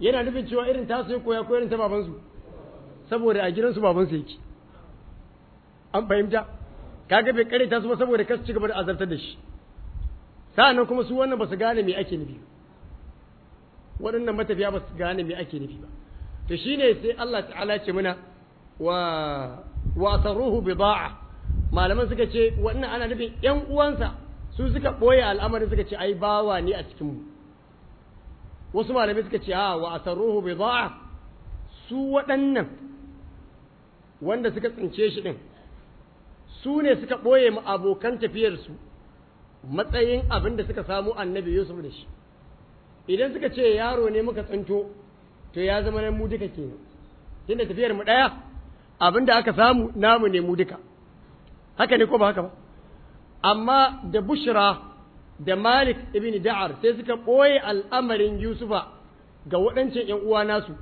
yana nufin cewa irin tasu ya koya irin ta babansu saboda a gidansu babansu yake an fahimta kaga bai ta su ba saboda kasu ci gaba da azartar da shi sa'annan kuma su wannan ba su gane me ake nufi waɗannan matafiya ba su gane me ake nufi ba to ne sai Allah ta'ala ce muna wa wa taruhu bida'a malaman suka ce wannan ana nufin ƴan uwansa su suka ɓoye al'amarin suka ce ai bawa ne a cikin mu wasu malamai suka ce a wa asaruhu bida'a su waɗannan wanda suka tsince shi din su ne suka ɓoye mu abokan tafiyarsu. matsayin abin da suka samu annabi Yusuf da shi idan suka ce yaro ne muka tsinto to ya zama nan mu duka kenan tunda tafiyar mu daya abin da aka samu namu ne mu duka haka ne ko ba haka ba amma da bushra da malik ibn da'ar sai suka ɓoye al'amarin yusufa ga waɗancan ‘yan uwa nasu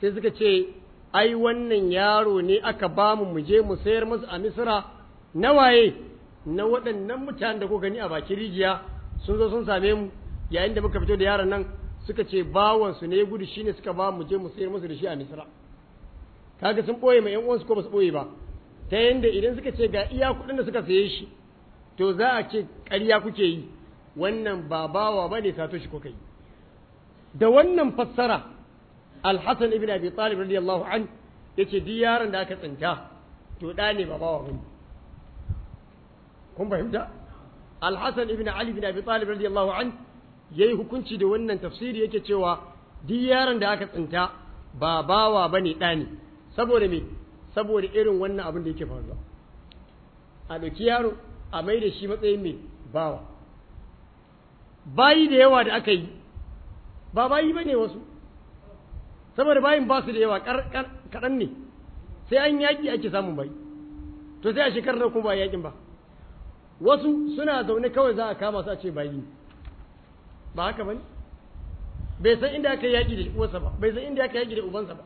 sai suka ce ai wannan yaro ne aka bamu mu je mu sayar masa a misira na waye. na waɗannan mutanen da ku gani a bakin rijiya sun zo sun same mu yayin da muka fito da yaran nan suka ce bawansu ne gudu shine suka ba mu je mu sayar musu da shi a misra kaga sun boye ma yan uwansu ko ba su ɓoye ba ta yanda idan suka ce ga iya kuɗin da suka saye shi to za a ce ƙarya kuke yi wannan ba bawa bane sato shi kuka yi da wannan fassara al-Hasan ibn Abi Talib radiyallahu an yace duk yaran da aka tsinta to da ne ba bawa bane kun fahimta alhassan ibn ali bin abi talib radiyallahu an yayi hukunci da wannan tafsiri yake cewa duk yaron da aka tsinta ba bawa bane ɗani saboda me saboda irin wannan abin da yake faruwa a doki yaro a mai da shi matsayin me bawa bayi da yawa da aka yi ba bayi ba ne wasu saboda bayin ba su da yawa kaɗan ne sai an yaƙi ake samun bayi to sai a shekarar da kuma ba yaƙin ba wasu suna zaune kawai za a kama su a ce bayi ba haka bane bai san inda aka yaƙi da uwarsa ba bai san inda aka yaƙi da ubansa ba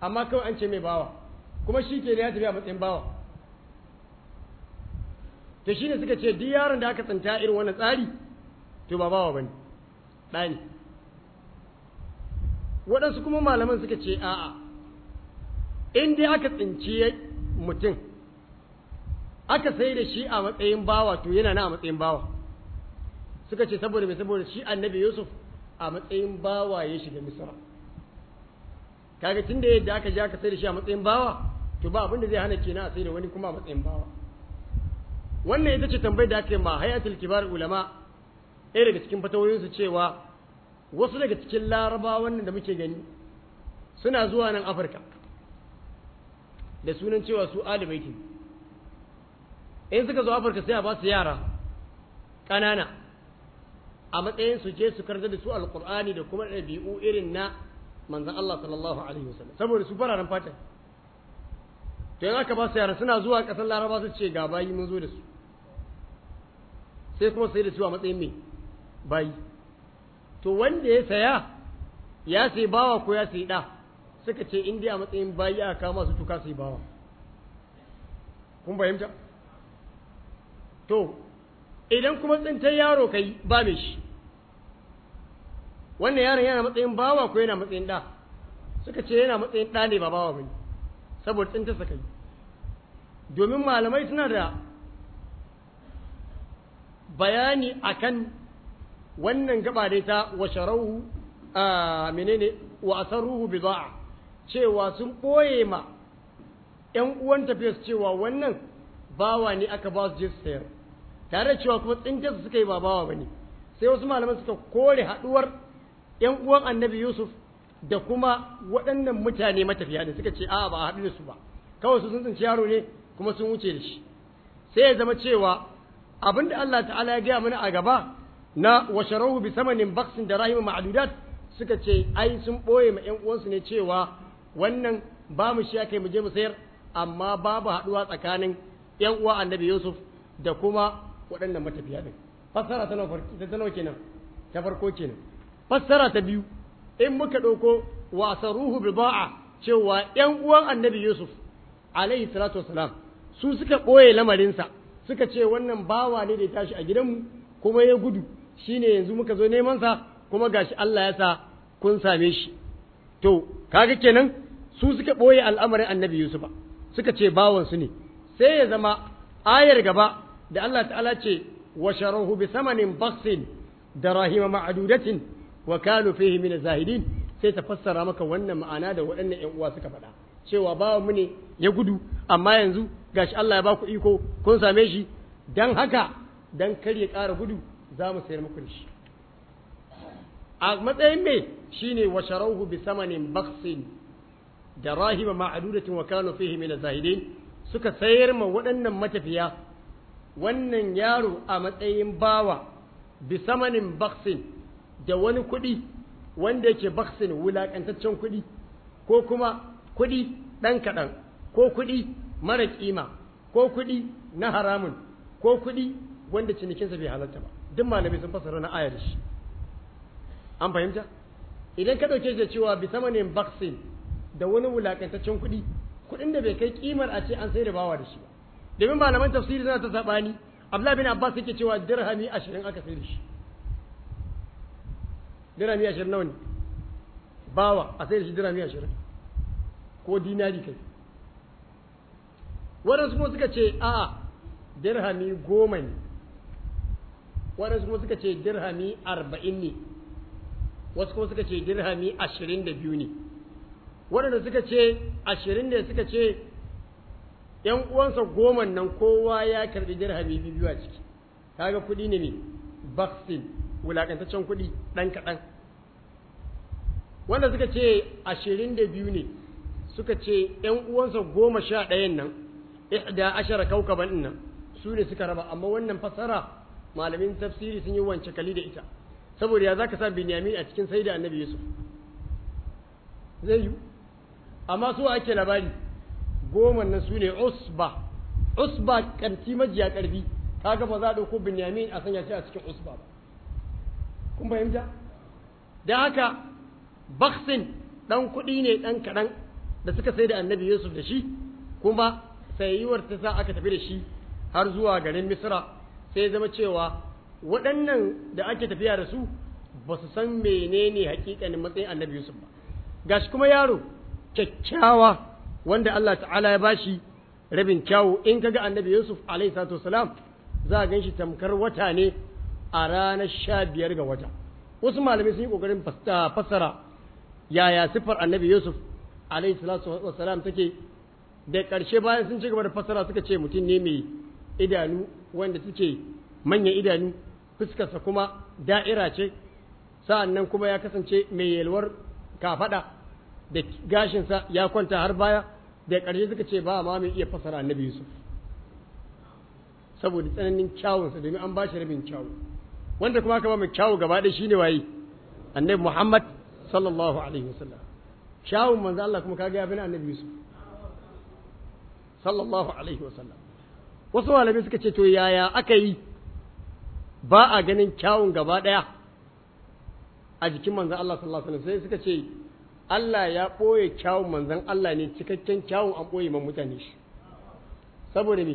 amma kawai an ce mai bawa kuma shi ke ya tafi a matsayin bawa to shi ne suka ce duk yaron da aka tsinta irin wannan tsari to ba bawa bane ɗa ne waɗansu kuma malaman suka ce a'a in dai aka tsinci mutum aka sai da shi a matsayin bawa to yana na a matsayin bawa suka ce saboda mai saboda shi annabi yusuf a matsayin bawa ya shiga misra kaga tun da yadda aka je aka sai da shi a matsayin bawa to ba abin da zai hana kenan a sai da wani kuma a matsayin bawa wannan ita ce tambayar da aka yi ma hayatul kibar ulama ɗaya daga cikin fatawoyinsu cewa wasu daga cikin larabawan da muke gani suna zuwa nan afirka da sunan cewa su alibaiti in suka zo afirka sai a ba su yara ƙanana a matsayin su je su karga da su alƙur'ani da kuma ɗabi'u irin na manzan Allah sallallahu alaihi wasallam saboda su fararen fata to yanzu aka ba su yara suna zuwa ƙasar laraba su ce ga bayi mun zo da su sai kuma sai da su a matsayin mai bayi to wanda ya saya ya sai bawa ko ya sai ɗa suka ce in dai a matsayin bayi aka kama su tuka sai bawa kun fahimta to idan kuma tsintar yaro kai ba mai shi wannan yaron yana matsayin bawa ko yana matsayin ɗa suka ce yana matsayin ɗa ne ba bawa mai saboda sa kai domin malamai suna da bayani akan wannan gaba da ta washarau a menene wa bi za'a cewa sun ɓoye ma 'yan uwan tafiya cewa wannan bawa ne aka ba su je sayar tare cewa kuma tsinke su suka yi ba bawa bane sai wasu malaman suka kore haduwar yan uwan annabi yusuf da kuma waɗannan mutane matafiya ne suka ce a ba a haɗu da su ba kawai su sun tsinci yaro ne kuma sun wuce da shi sai ya zama cewa abin da Allah ta'ala ya gaya mana a gaba na washarahu bi samanin baksin da rahimu ma'adudat suka ce ai sun ɓoye ma ƴan uwansu ne cewa wannan ba mu shi aka mu je mu sayar amma babu haɗuwa tsakanin ƴan uwan annabi yusuf da kuma waɗannan matafiya ɗin fassara ta nawa kenan ta farko kenan fassara ta biyu in muka ɗauko ruhu ba'a cewa ‘yan uwan annabi Yusuf alaihi salatu wasalam su suka ɓoye lamarinsa suka ce wannan bawa ne da ya tashi a gidanmu kuma ya gudu shine yanzu muka zo neman sa kuma shi Allah ya sa kun same shi to kaga kenan su suka ɓoye al'amarin annabi Yusuf suka ce bawansu ne sai ya zama ayar gaba da Allah ta'ala ce wa sharahu bi samanin baksin da rahima wa kanu fihi min zahidin sai ta fassara maka wannan ma'ana da waɗannan ƴan uwa suka faɗa cewa bawa mu ne ya gudu amma yanzu gashi Allah ya ba ku iko kun same shi dan haka dan kar ya ƙara gudu za mu sayar muku da shi a matsayin me shine wa sharahu bi samanin baksin da rahima wa kanu fihi min zahidin suka sayar ma waɗannan matafiya wannan yaro a matsayin bawa bisamanin baksin da wani kuɗi wanda yake baksin wulaƙantaccen kuɗi ko kuma kuɗi ɗan kaɗan ko kuɗi mara ƙima ko kuɗi na haramun ko kuɗi wanda cinikinsa bai halarta ba duk malamai sun fasara na ayar shi an fahimta idan ka ɗauke da cewa bisamanin baksin da wani wulaƙantaccen kuɗi kuɗin da bai kai ƙimar a ce an sai da bawa da shi ba domin malaman tafsiri suna ta sabani Abdullahi bin Abbas yake cewa dirhami ashirin aka sai shi dirhami ashirin nawa ne bawa a sayar shi dirhami ashirin ko dinari kai waɗansu kuma suka ce a dirhami goma ne waɗansu kuma suka ce dirhami arba'in ne wasu kuma suka ce dirhami ashirin da biyu ne waɗanda suka ce ashirin ne suka ce yan uwansa goma nan kowa ya karbi dirhami biyu a ciki ga kuɗi ne ne baksin wulaƙantaccen kuɗi ɗan kaɗan wanda suka ce ashirin da biyu ne suka ce yan uwansa goma sha ɗayan nan ihda ashara kaukaban nan su ne suka raba amma wannan fasara malamin tafsiri sun yi wance kali da ita saboda ya za ka sa benyamin a cikin sai da annabi yusuf zai yi amma su ake labari goma na su ne usba usba kanti majiya karfi kaga ba za a ɗauko binyamin a sanya shi a cikin usba ba kun fahimta da haka baksin ɗan kuɗi ne ɗan kaɗan da suka sai da annabi yusuf da shi kuma sayiwar ta sa aka tafi da shi har zuwa garin misra sai zama cewa waɗannan da ake tafiya da su ba su san menene hakikanin matsayin annabi yusuf ba gashi kuma yaro kyakkyawa wanda Allah ta'ala ya bashi rabin kyawu in kaga annabi Yusuf alayhi salatu wasalam za a ganshi tamkar wata ne a ranar sha ga wata wasu malamai sun yi kokarin fassara yaya siffar annabi Yusuf alayhi salatu wasalam take da ƙarshe bayan sun ci gaba da fassara suka ce mutum ne mai idanu wanda suke manyan idanu fuskarsa kuma da'ira ce sa'an nan kuma ya kasance mai yalwar kafaɗa da gashinsa ya kwanta har baya da ƙarshe suka ce ba ma mai iya fasara annabi yusuf saboda tsananin kyawunsa domin an ba shi rabin kyawu wanda kuma aka ba mai kyawu gaba ɗaya shine waye annabi muhammad sallallahu alaihi wasallam kyawun manzo Allah kuma kaga ya bi annabi yusuf sallallahu alaihi wasallam wasu malami suka ce to yaya aka yi ba a ganin kyawun gaba ɗaya a jikin manzo Allah sallallahu alaihi wasallam sai suka ce Allah ya ɓoye kyawun manzan Allah ne cikakken kyawun an ɓoye man mutane shi saboda me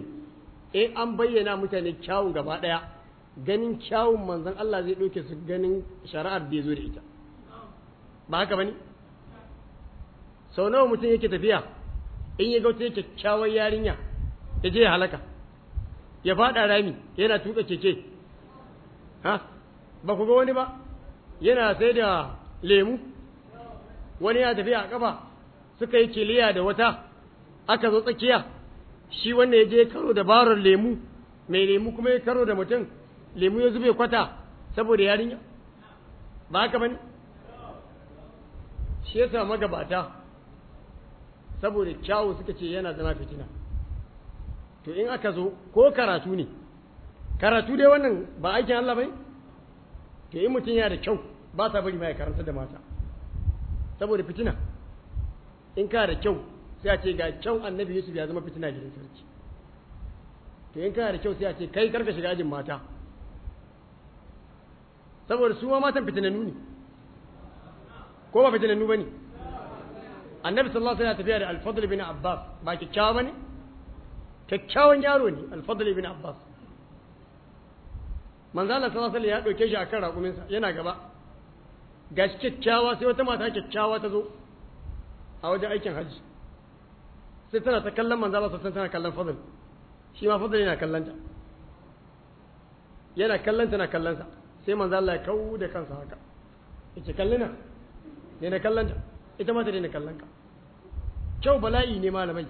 in eh, an bayyana mutane kyawun gaba ɗaya ganin kyawun manzan Allah zai ɗauke su ganin shari'ar da ya zo da ita ba haka ba ne sau nawa mutum yake tafiya in ya ga yake kyawun yarinya ya je ya halaka ya faɗa rami yana tuka keke ha ba ku ga wani ba yana sai da lemu wani ya tafi a kafa suka yi kiliya da wata aka zo tsakiya shi wanda ya je karo da barar lemu mai lemu kuma ya karo da mutum lemu ya zube kwata saboda ya ba haka bane shi ya sa magabata saboda kyawu suka ce yana zama fitina to in aka zo ko karatu ne karatu dai wannan ba aikin Allah bai to in mutum yana da kyau ba sa bari ma ya karanta da mata saboda fitina in ka da kyau sai a ce ga kyau annabi yusuf ya zama fitina gidan sarki to in ka da kyau sai a ce kai karka shiga ajin mata saboda su ma matan fitinannu ne ko ba fitinannu ba ne annabi sallallahu alaihi wasallam tafiya da al-fadl bin abbas ba kyakkyawa ba ne kyakkyawan yaro ne al-fadl bin abbas manzo Allah sallallahu alaihi wasallam ya doke shi akan raƙuminsa yana gaba Ga shi kyakkyawa sai wata mata kyakkyawa ta zo a wajen aikin hajji sai tana ta kallon manzara Allah tana kallon fadl shi ma fadl yana kallon ta yana kallon na kallon sa sai manzo ya kawo da kansa haka yace kallina ne na kallon ta ita ma ta ne na kallon ka kyau bala'i ne malamai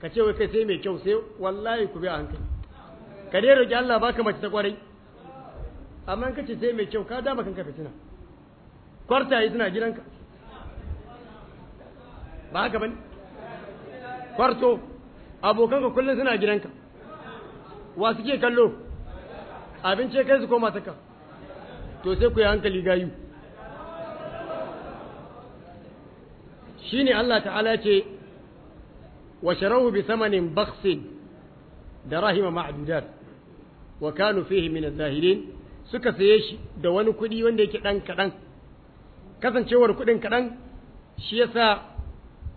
ka ce wai kai sai mai kyau sai wallahi ku bi a hankali ka dai roki Allah baka mace ta kwarai amma in ka ce sai mai kyau ka dama kanka fitina yi suna gidanka ba haka bane kwarto abokanka kullum suna gidanka wa suke kallo abinci kai su koma taka to sai ku yi hankali gayu shi ne Allah ta'ala ce wa sharahu bi samanin bakhsin da rahima ma'dudat wa kanu fihi min zahirin suka saye shi da wani kuɗi wanda yake ɗan kaɗan. kasancewar kuɗin kaɗan shi yasa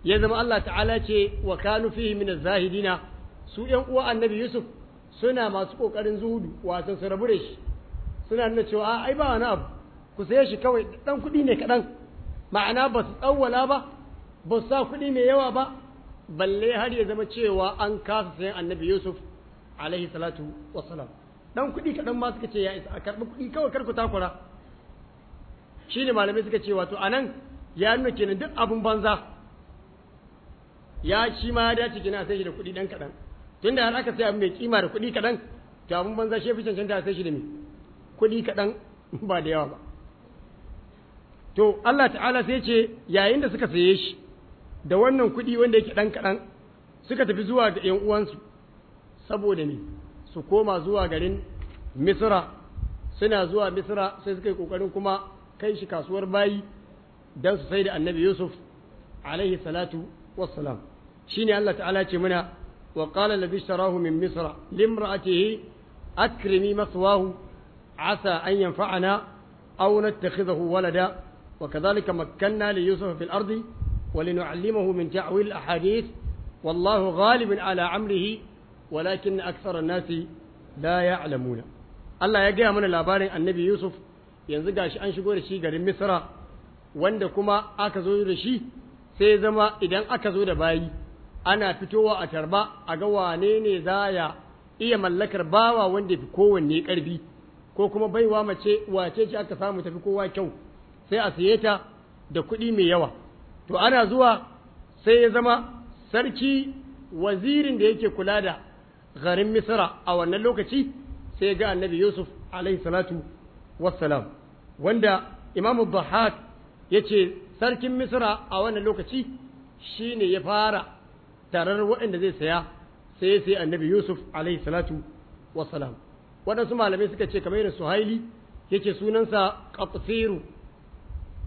ya zama Allah ta'ala ce wa kanu fihi min zahidina su ƴan uwa annabi Yusuf suna masu kokarin zuhudu wasan su rabu da shi suna nuna cewa a ai ba wani abu ku saye shi kawai dan kuɗi ne kaɗan ma'ana ba su tsawwala ba ba su sa kuɗi mai yawa ba balle har ya zama cewa an kasa sayan annabi Yusuf alaihi salatu wassalam dan kuɗi kaɗan ma suka ce ya isa a karɓi kuɗi kawai kar ku takura Shi ne malamai suka ce wato anan ya nuna kenan duk abin banza ya shi ma ya dace gina a sai shi da kuɗi dan kaɗan tunda har aka sai abu mai kima da kuɗi kaɗan to abin banza shi fi cancanta sai shi da mai kuɗi kaɗan ba da yawa ba to Allah ta'ala sai ce yayin da suka saye shi da wannan kuɗi wanda yake ɗan kaɗan suka tafi zuwa ga ‘yan uwansu saboda ne su koma zuwa garin misra suna zuwa misra sai suka yi ƙoƙarin kuma kai shi kasuwar bayi don su sai da annabi yusuf alaihi salatu wassalam shine Allah ta'ala ce muna wa qala alladhi ishtarahu min misra limra'atihi akrimi maswahu asa an yanfa'ana aw nattakhidhahu walada wa kadhalika makkanna li yusuf fil ardi wa linu'allimahu min ta'wil al ahadith wallahu ghalibun ala amrihi walakin akthara an-nasi la ya'lamuna Allah ya gaya mana labarin annabi Yusuf yanzu gashi an shigo da shi garin misra wanda kuma aka zo da shi sai zama idan aka zo da bayi ana fitowa a tarba a ga wane ne za ya iya mallakar bawa wanda fi kowanne ƙarfi ko kuma baiwa mace wace ce aka samu tafi kowa kyau sai a saye ta da kuɗi mai yawa to ana zuwa sai ya zama sarki wazirin da yake kula da garin misra a wannan lokaci sai ga annabi yusuf alaihi salatu wassalam wanda imamu bahak yace sarkin misra a wannan lokaci shi ne ya fara tarar waɗanda zai saya sai sai annabi yusuf alaihi salatu wasalam waɗansu malamai suka ce kamar irin suhaili ya ce sunansa katsiru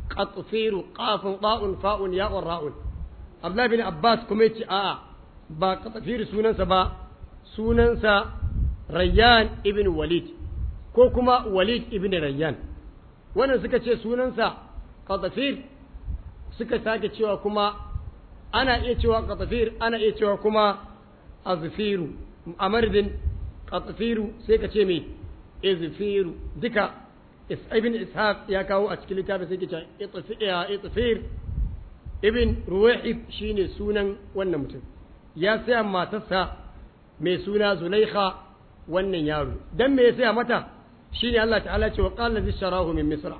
katsiru kafin ɗa'un fa'un ya'un ra'un abdullahi bin abbas kuma ya a'a ba katsiru sunansa ba sunansa rayyan ibn walid ko kuma walid ibn rayyan wannan suka ce sunansa qatafir suka sake cewa kuma ana iya cewa qatafir ana iya cewa kuma azfiru a madadin sai ka ce me Azifiru. duka ibn ishaq ya kawo a cikin littafin sai ke itfir ibn ruwaib shine sunan wannan mutum ya saya matarsa mai suna zulaiha wannan yaro dan me ya saya mata shine Allah ta'ala ce wa qala bi sharahu min misra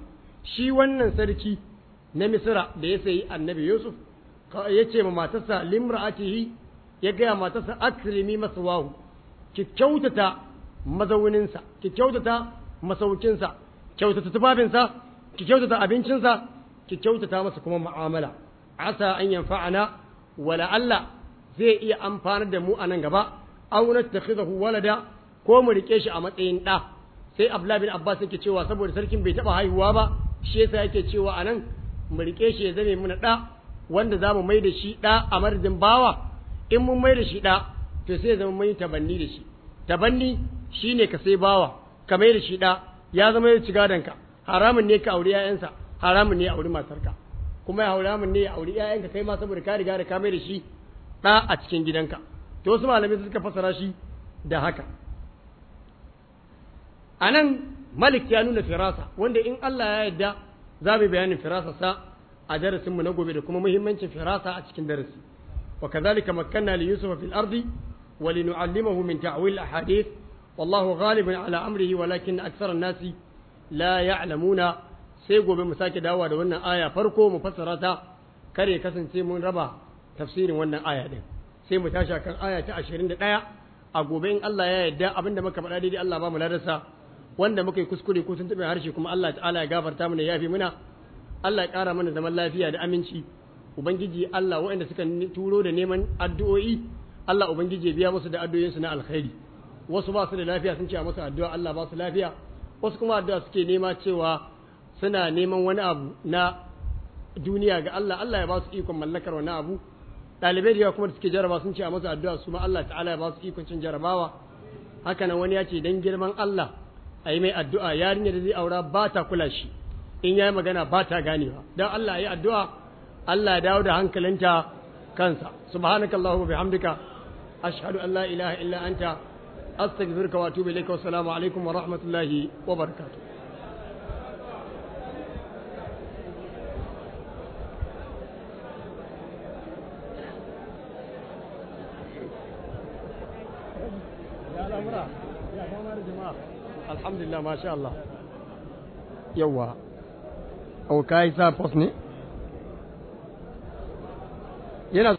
shi wannan sarki na misra da ya sayi annabi yusuf ya ce ma matarsa akihi ya gaya matarsa akrimi wahu ki kyautata mazauninsa ki kyautata masaukinsa kyautata tufafinsa ki kyautata abincinsa ki kyautata masa kuma mu'amala asa an ana wala Allah zai iya amfanar da mu a nan gaba aw nattakhidahu walada ko mu rike shi a matsayin ɗa sai abla bin abbas yake cewa saboda sarkin bai taba haihuwa ba shi yasa yake cewa anan mu rike shi ya zame mana da wanda zamu mai da shi da a marzin bawa in mun mai da shi da to sai zama mai tabanni da shi tabanni shine ka sai bawa ka mai da shi da ya zama ya ciga danka haramun ne ka auri 'ya'yansa haramun ne auri matarka kuma haramun ne auri 'ya'yanka kai ma saboda ka riga da ka mai da shi da a cikin gidanka to wasu malamai suka fassara shi da haka a nan malik ya nuna firasa wanda in Allah ya yarda za mu bayanin firasarsa a darasinmu na gobe da kuma muhimmancin firasa a cikin darasi wa kazalika makkanna li yusuf fil ardi wa linu'allimahu min ta'wil ahadith wallahu ghalibun ala amrihi walakin akthar an-nasi la ya'lamuna sai gobe mu sake dawowa da wannan aya farko mu fassara ta kare kasance mun raba tafsirin wannan aya din sai mu tashi kan aya ta 21 a gobe in Allah ya yarda abinda muka faɗa daidai Allah ba mu ladarsa wanda muka yi kuskure ko sun taɓa harshe kuma Allah ta'ala ya gafarta mana ya fi muna Allah ya ƙara mana zaman lafiya da aminci ubangiji Allah waɗanda suka turo da neman addu'o'i Allah ubangiji ya biya musu da su na alkhairi wasu ba su da lafiya sun ce a musu addu'a Allah ba su lafiya wasu kuma addu'a suke nema cewa suna neman wani abu na duniya ga Allah Allah ya ba su ikon mallakar wani abu ɗalibai da yawa kuma da suke jaraba sun ce a musu addu'a su ma Allah ta'ala ya ba su ikon cin jarabawa haka nan wani ya ce dan girman Allah ayi mai addu'a yarinya da zai aura ba ta kula shi in yayi magana ba ta ganewa dan Allah ya addu'a Allah ya dawo da hankalinta kansa subhanakallahu wa bihamdika ashhadu an la ilaha illa anta astaghfiruka wa atubu ilayka wa assalamu alaikum wa rahmatullahi wa barakatuh Yeah, alhamdulillah masha Allah yawa au kai sa post ne yana